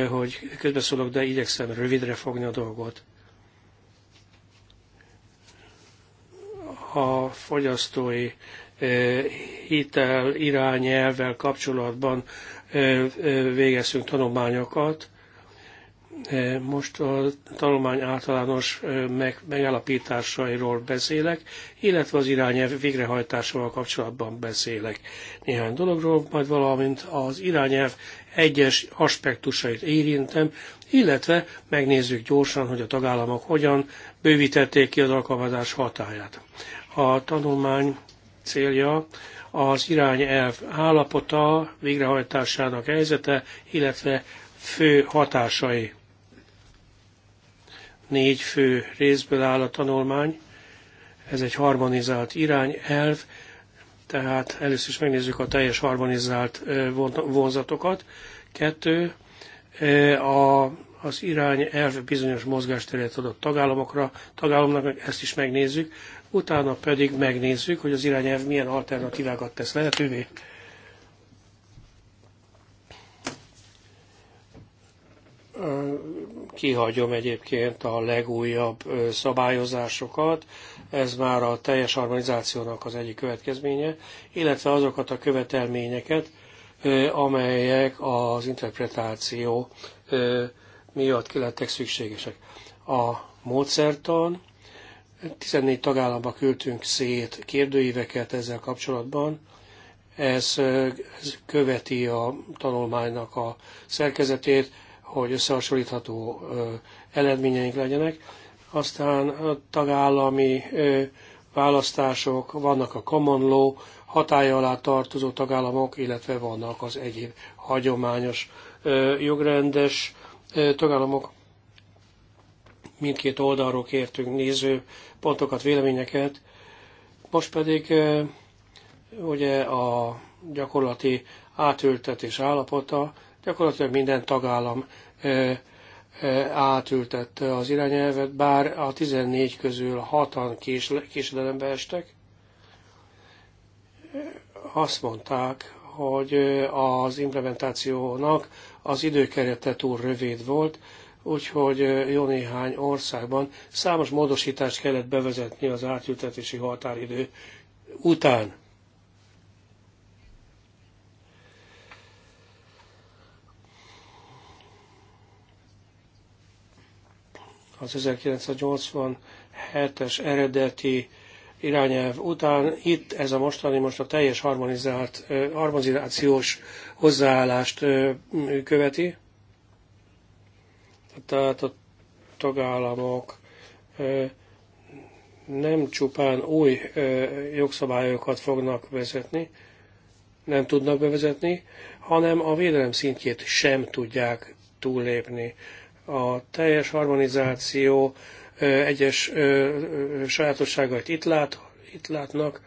hogy közbeszólok, de igyekszem rövidre fogni a dolgot. a fogyasztói hitel irányelvvel kapcsolatban végeztünk tanulmányokat. Most a tanulmány általános megállapításairól beszélek, illetve az irányelv végrehajtásával kapcsolatban beszélek néhány dologról, majd valamint az irányelv egyes aspektusait érintem, illetve megnézzük gyorsan, hogy a tagállamok hogyan bővítették ki az alkalmazás hatáját. A tanulmány célja az irányelv állapota, végrehajtásának helyzete, illetve fő hatásai. Négy fő részből áll a tanulmány. Ez egy harmonizált irányelv, tehát először is megnézzük a teljes harmonizált vonzatokat. Kettő, a az irány elv bizonyos mozgásteret adott tagállamokra, tagállamnak ezt is megnézzük utána pedig megnézzük, hogy az irányelv milyen alternatívákat tesz lehetővé. Kihagyom egyébként a legújabb szabályozásokat, ez már a teljes harmonizációnak az egyik következménye, illetve azokat a követelményeket, amelyek az interpretáció miatt lettek szükségesek. A módszertan, 14 tagállamba küldtünk szét kérdőíveket ezzel kapcsolatban. Ez, ez követi a tanulmánynak a szerkezetét, hogy összehasonlítható eredményeink legyenek. Aztán a tagállami választások, vannak a common law, hatája alá tartozó tagállamok, illetve vannak az egyéb hagyományos jogrendes tagállamok mindkét oldalról kértünk néző pontokat, véleményeket. Most pedig ugye a gyakorlati átültetés állapota, gyakorlatilag minden tagállam átültette az irányelvet, bár a 14 közül 6-an késedelembe estek. Azt mondták, hogy az implementációnak az időkerete túl rövid volt, úgyhogy jó néhány országban számos módosítást kellett bevezetni az átültetési határidő után. Az 1987-es eredeti irányelv után itt ez a mostani, most a teljes harmonizált, harmonizációs hozzáállást követi. Tehát a tagállamok nem csupán új jogszabályokat fognak vezetni, nem tudnak bevezetni, hanem a védelem szintjét sem tudják túllépni. A teljes harmonizáció egyes sajátosságait itt, lát, itt látnak,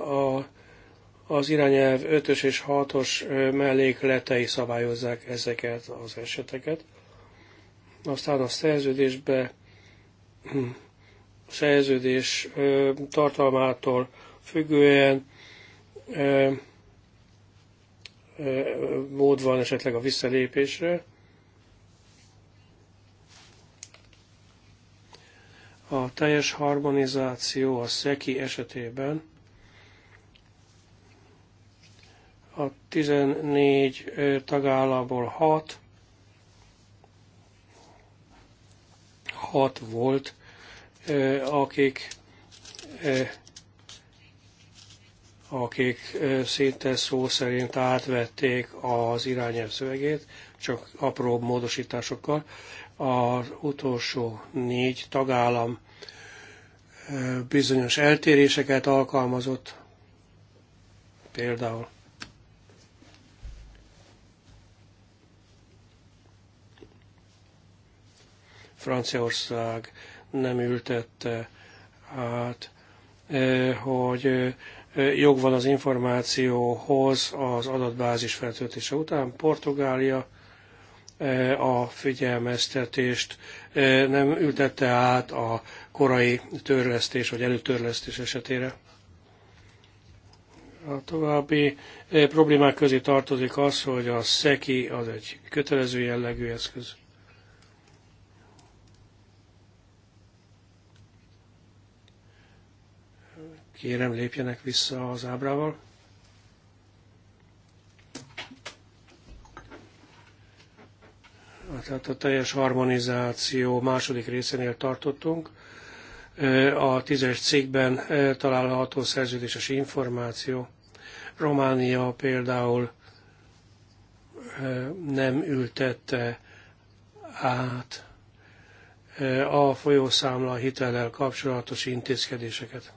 a az irányelv 5-ös és 6-os mellékletei szabályozzák ezeket az eseteket. Aztán a szerződésbe a szerződés tartalmától függően mód van esetleg a visszalépésre. A teljes harmonizáció a SZEKI esetében a 14 tagállamból 6, 6 volt, akik akik szinte szó szerint átvették az irányelv szövegét, csak apróbb módosításokkal. Az utolsó négy tagállam bizonyos eltéréseket alkalmazott, például Franciaország nem ültette át, hogy jog van az információhoz az adatbázis feltöltése után. Portugália a figyelmeztetést nem ültette át a korai törlesztés vagy előtörlesztés esetére. A további problémák közé tartozik az, hogy a SZEKI az egy kötelező jellegű eszköz. Kérem, lépjenek vissza az ábrával. Tehát hát a teljes harmonizáció második részénél tartottunk. A tízes cikkben található szerződéses információ. Románia például nem ültette át a folyószámla hitellel kapcsolatos intézkedéseket.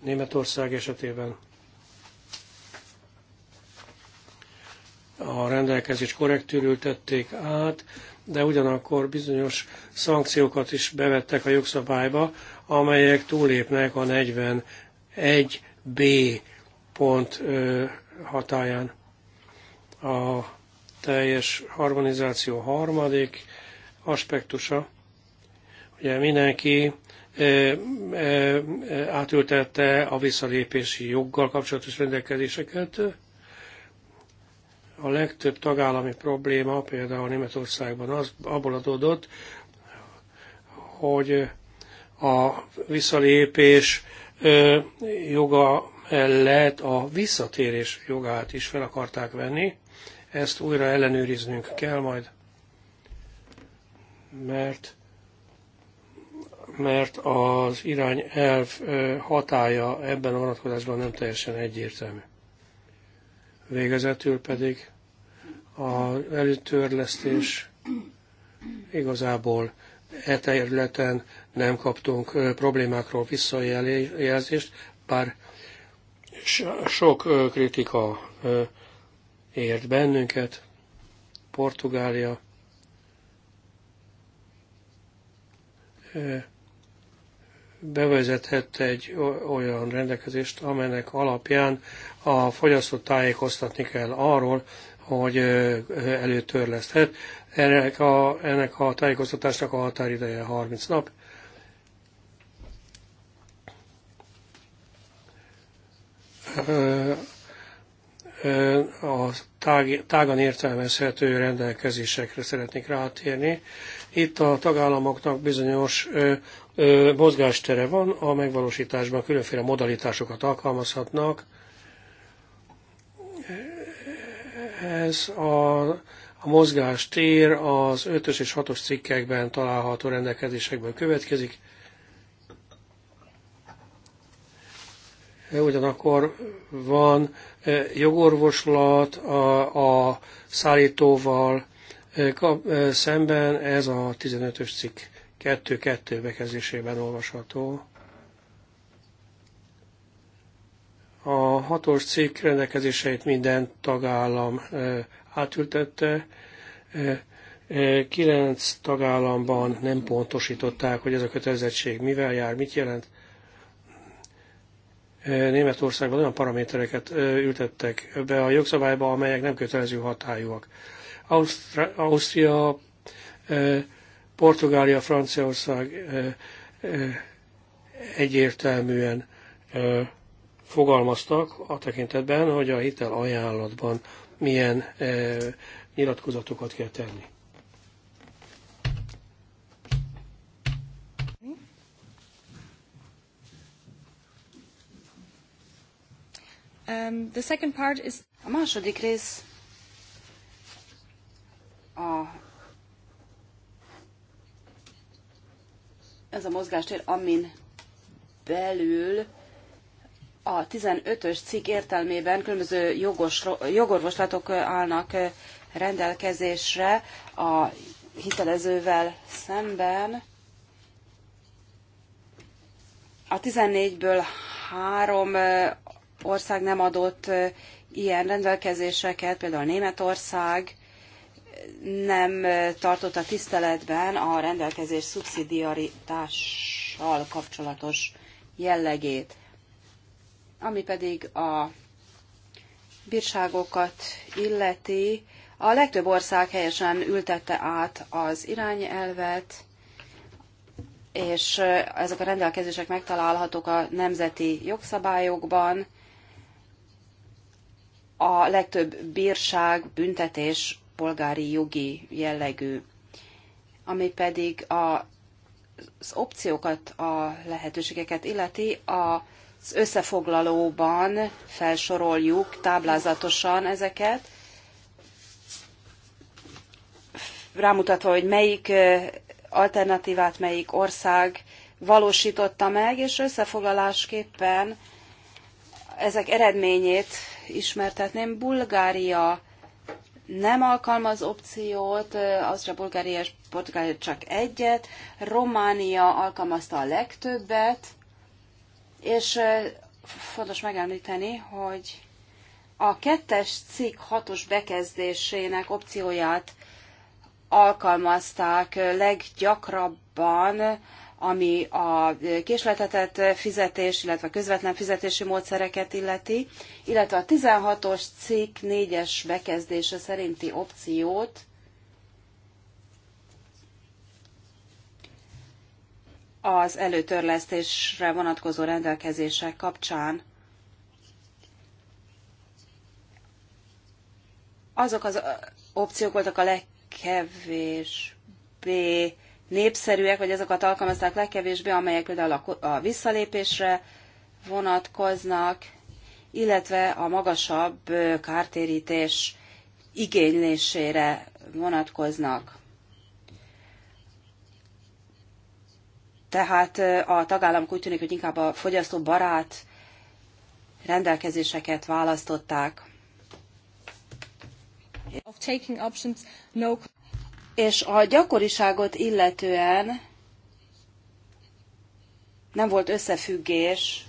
Németország esetében a rendelkezést korrektűrül tették át, de ugyanakkor bizonyos szankciókat is bevettek a jogszabályba, amelyek túlépnek a 41b pont hatáján. A teljes harmonizáció harmadik aspektusa, ugye mindenki átültette a visszalépési joggal kapcsolatos rendelkezéseket. A legtöbb tagállami probléma például Németországban az, abból adódott, hogy a visszalépés joga mellett a visszatérés jogát is fel akarták venni. Ezt újra ellenőriznünk kell majd, mert mert az irány elv hatája ebben a vonatkozásban nem teljesen egyértelmű. Végezetül pedig az előtörlesztés igazából e területen nem kaptunk problémákról visszajelzést, bár sok kritika ért bennünket, Portugália bevezethette egy olyan rendelkezést, amelynek alapján a fogyasztót tájékoztatni kell arról, hogy előtörleszthet. Ennek a, ennek a tájékoztatásnak a határideje 30 nap. A tág, tágan értelmezhető rendelkezésekre szeretnék rátérni. Itt a tagállamoknak bizonyos mozgástere van, a megvalósításban különféle modalitásokat alkalmazhatnak. Ez a, a mozgástér az 5-ös és 6-os cikkekben található rendelkezésekből következik. ugyanakkor van jogorvoslat a, a szállítóval szemben, ez a 15-ös cikk. 2-2 bekezdésében olvasható. A hatos cikk rendelkezéseit minden tagállam átültette. Kilenc tagállamban nem pontosították, hogy ez a kötelezettség mivel jár, mit jelent. Németországban olyan paramétereket ültettek be a jogszabályba, amelyek nem kötelező hatályúak. Ausztria, Ausztria Portugália, Franciaország egyértelműen fogalmaztak a tekintetben, hogy a hitel ajánlatban milyen nyilatkozatokat kell tenni. Um, the second part is... A második rész a ez a mozgástér, amin belül a 15-ös cikk értelmében különböző jogos, jogorvoslatok állnak eh, rendelkezésre a hitelezővel szemben. A 14-ből három eh, ország nem adott eh, ilyen rendelkezéseket, például Németország, nem tartotta tiszteletben a rendelkezés szubszidiaritással kapcsolatos jellegét, ami pedig a bírságokat illeti. A legtöbb ország helyesen ültette át az irányelvet, és ezek a rendelkezések megtalálhatók a nemzeti jogszabályokban. A legtöbb bírság, büntetés polgári jogi jellegű, ami pedig a, az opciókat, a lehetőségeket illeti, az összefoglalóban felsoroljuk táblázatosan ezeket, rámutatva, hogy melyik alternatívát melyik ország valósította meg, és összefoglalásképpen ezek eredményét ismertetném. Bulgária nem alkalmaz opciót, Ausztria, Bulgária és Portugália csak egyet, Románia alkalmazta a legtöbbet, és fontos megemlíteni, hogy a kettes cikk hatos bekezdésének opcióját alkalmazták leggyakrabban ami a késletetett fizetés, illetve a közvetlen fizetési módszereket illeti, illetve a 16-os cikk 4-es bekezdése szerinti opciót az előtörlesztésre vonatkozó rendelkezések kapcsán. Azok az opciók voltak a legkevésbé népszerűek, vagy azokat alkalmazták legkevésbé, amelyek például a visszalépésre vonatkoznak, illetve a magasabb kártérítés igénylésére vonatkoznak. Tehát a tagállamok úgy tűnik, hogy inkább a fogyasztóbarát rendelkezéseket választották. Of taking options, no és a gyakoriságot illetően nem volt összefüggés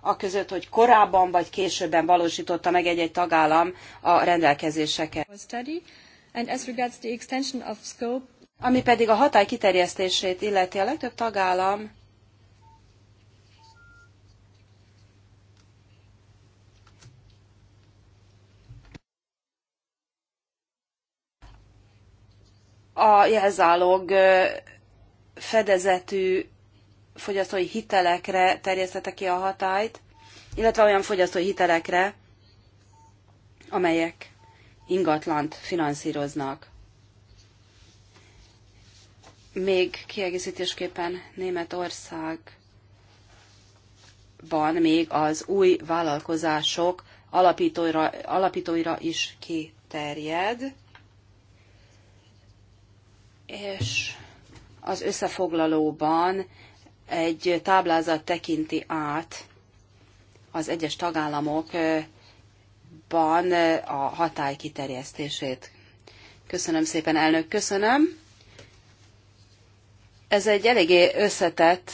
a között, hogy korábban vagy későbben valósította meg egy-egy tagállam a rendelkezéseket. Ami pedig a hatály kiterjesztését illeti, a legtöbb tagállam a jelzálog fedezetű fogyasztói hitelekre terjesztette ki a hatályt, illetve olyan fogyasztói hitelekre, amelyek ingatlant finanszíroznak. Még kiegészítésképpen Németországban még az új vállalkozások alapítóira, alapítóira is kiterjed és az összefoglalóban egy táblázat tekinti át az egyes tagállamokban a hatály kiterjesztését. Köszönöm szépen, elnök, köszönöm. Ez egy eléggé összetett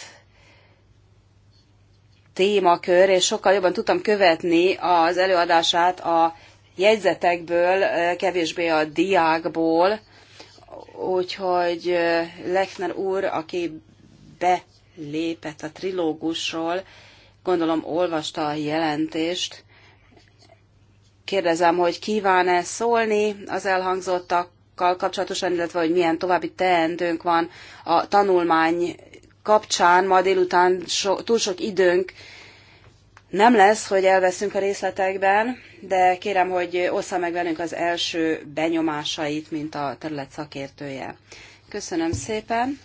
témakör, és sokkal jobban tudtam követni az előadását a jegyzetekből, kevésbé a diákból, Úgyhogy Lechner úr, aki belépett a trilógusról, gondolom olvasta a jelentést. Kérdezem, hogy kíván-e szólni az elhangzottakkal kapcsolatosan, illetve hogy milyen további teendőnk van a tanulmány kapcsán. Ma délután so, túl sok időnk nem lesz, hogy elveszünk a részletekben, de kérem, hogy ossza meg velünk az első benyomásait, mint a terület szakértője. Köszönöm szépen.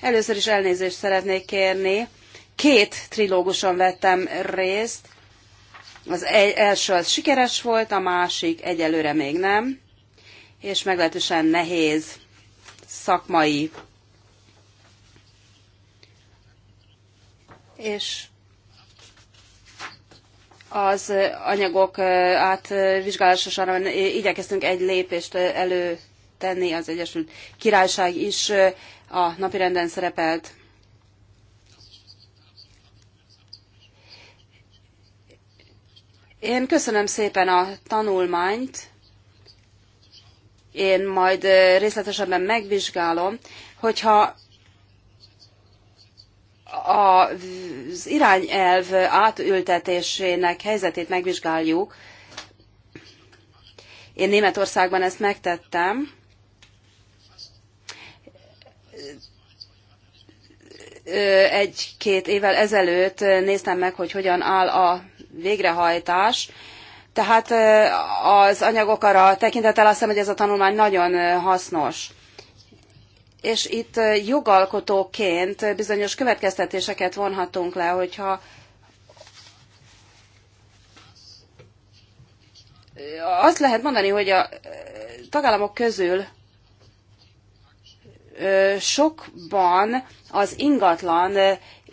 Először is elnézést szeretnék kérni. Két trilóguson vettem részt. Az első az sikeres volt, a másik egyelőre még nem, és meglehetősen nehéz szakmai. És az anyagok átvizsgálása során igyekeztünk egy lépést előtenni, az Egyesült Királyság is a napirenden szerepelt. Én köszönöm szépen a tanulmányt, én majd részletesebben megvizsgálom, hogyha az irányelv átültetésének helyzetét megvizsgáljuk. Én Németországban ezt megtettem. Egy-két évvel ezelőtt néztem meg, hogy hogyan áll a végrehajtás. Tehát az anyagok arra tekintettel azt hiszem, hogy ez a tanulmány nagyon hasznos és itt jogalkotóként bizonyos következtetéseket vonhatunk le, hogyha azt lehet mondani, hogy a tagállamok közül sokban az ingatlan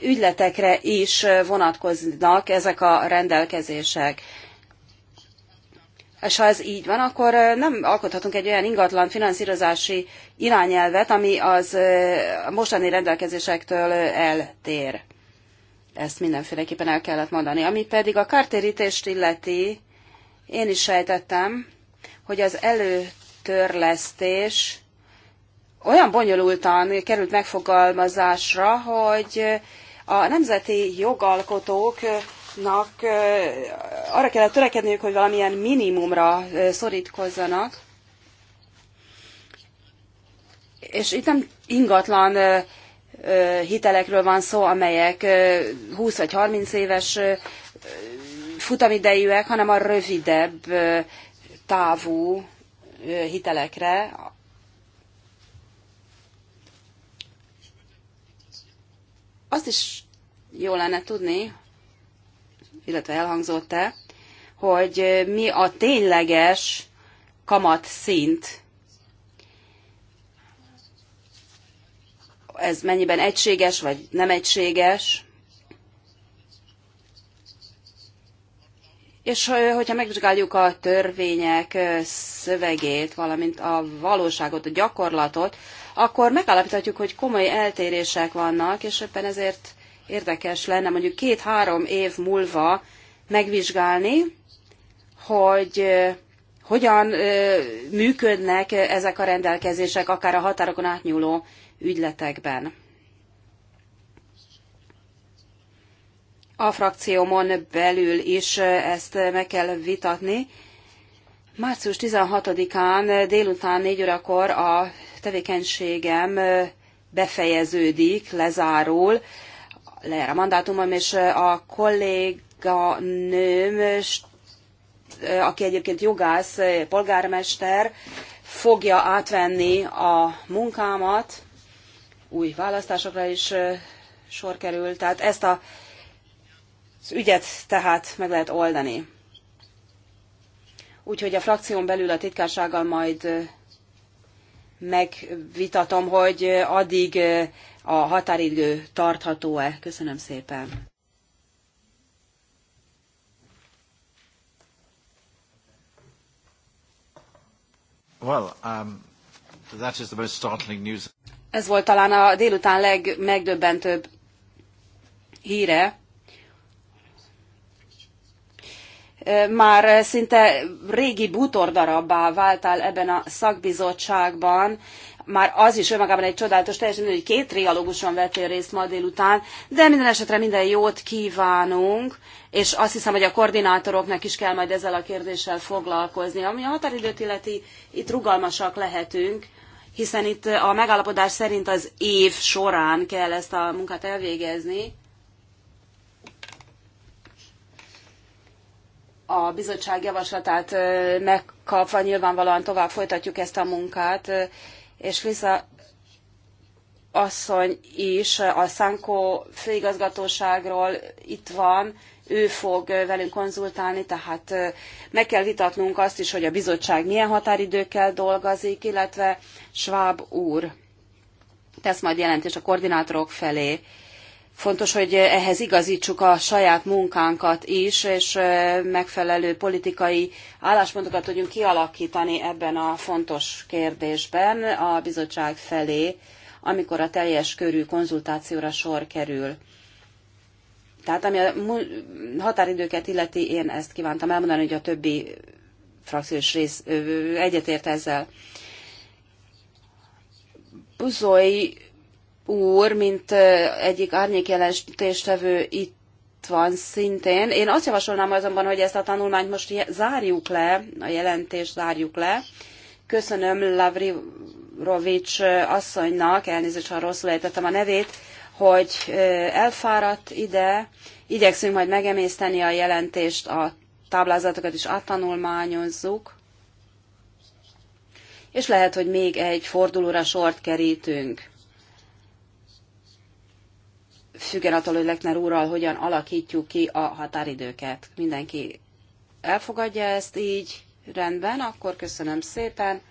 ügyletekre is vonatkoznak ezek a rendelkezések. És ha ez így van, akkor nem alkothatunk egy olyan ingatlan finanszírozási irányelvet, ami az mostani rendelkezésektől eltér. Ezt mindenféleképpen el kellett mondani. Ami pedig a kártérítést illeti, én is sejtettem, hogy az előtörlesztés olyan bonyolultan került megfogalmazásra, hogy a nemzeti jogalkotók nak arra kellett törekedniük, hogy valamilyen minimumra szorítkozzanak. És itt nem ingatlan hitelekről van szó, amelyek 20 vagy 30 éves futamidejűek, hanem a rövidebb távú hitelekre, azt is jó lenne tudni, illetve elhangzott-e, hogy mi a tényleges kamat szint, ez mennyiben egységes vagy nem egységes, És hogyha megvizsgáljuk a törvények szövegét, valamint a valóságot, a gyakorlatot, akkor megállapíthatjuk, hogy komoly eltérések vannak, és éppen ezért érdekes lenne mondjuk két-három év múlva megvizsgálni, hogy hogyan működnek ezek a rendelkezések akár a határokon átnyúló ügyletekben. A frakciómon belül is ezt meg kell vitatni. Március 16-án délután 4 órakor a tevékenységem befejeződik, lezárul lejár a mandátumom, és a kolléga nőm, aki egyébként jogász, polgármester, fogja átvenni a munkámat, új választásokra is sor kerül, tehát ezt a, az ügyet tehát meg lehet oldani. Úgyhogy a frakción belül a titkársággal majd megvitatom, hogy addig a határidő tartható-e? Köszönöm szépen. Well, um, that is the most startling news. Ez volt talán a délután legmegdöbbentőbb híre. már szinte régi bútordarabbá váltál ebben a szakbizottságban, már az is önmagában egy csodálatos teljesen, hogy két trialóguson vettél részt ma délután, de minden esetre minden jót kívánunk, és azt hiszem, hogy a koordinátoroknak is kell majd ezzel a kérdéssel foglalkozni. Ami a határidőt illeti, itt rugalmasak lehetünk, hiszen itt a megállapodás szerint az év során kell ezt a munkát elvégezni, a bizottság javaslatát megkapva nyilvánvalóan tovább folytatjuk ezt a munkát, és Lisa asszony is a Szánkó főigazgatóságról itt van, ő fog velünk konzultálni, tehát meg kell vitatnunk azt is, hogy a bizottság milyen határidőkkel dolgozik, illetve Schwab úr tesz majd jelentést a koordinátorok felé Fontos, hogy ehhez igazítsuk a saját munkánkat is, és megfelelő politikai álláspontokat tudjunk kialakítani ebben a fontos kérdésben a bizottság felé, amikor a teljes körű konzultációra sor kerül. Tehát ami a határidőket illeti, én ezt kívántam elmondani, hogy a többi frakciós rész egyetért ezzel. Buzói úr, mint egyik árnyékjelentéstevő itt van szintén. Én azt javasolnám azonban, hogy ezt a tanulmányt most zárjuk le, a jelentést zárjuk le. Köszönöm Lavrirovics asszonynak, elnézést, ha rosszul ejtettem a nevét, hogy elfáradt ide. Igyekszünk majd megemészteni a jelentést, a táblázatokat is áttanulmányozzuk. És lehet, hogy még egy fordulóra sort kerítünk függen attól, hogy Lechner úrral hogyan alakítjuk ki a határidőket. Mindenki elfogadja ezt így, rendben, akkor köszönöm szépen.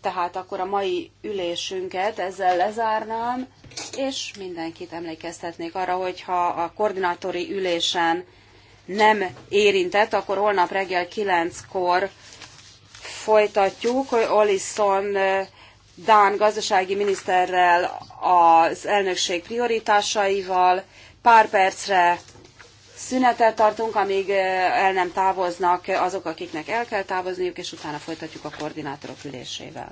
Tehát akkor a mai ülésünket ezzel lezárnám, és mindenkit emlékeztetnék arra, hogyha a koordinátori ülésen nem érintett, akkor holnap reggel 9-kor folytatjuk, Olison Dán gazdasági miniszterrel, az elnökség prioritásaival. Pár percre szünetet tartunk, amíg el nem távoznak azok, akiknek el kell távozniuk, és utána folytatjuk a koordinátorok ülésével.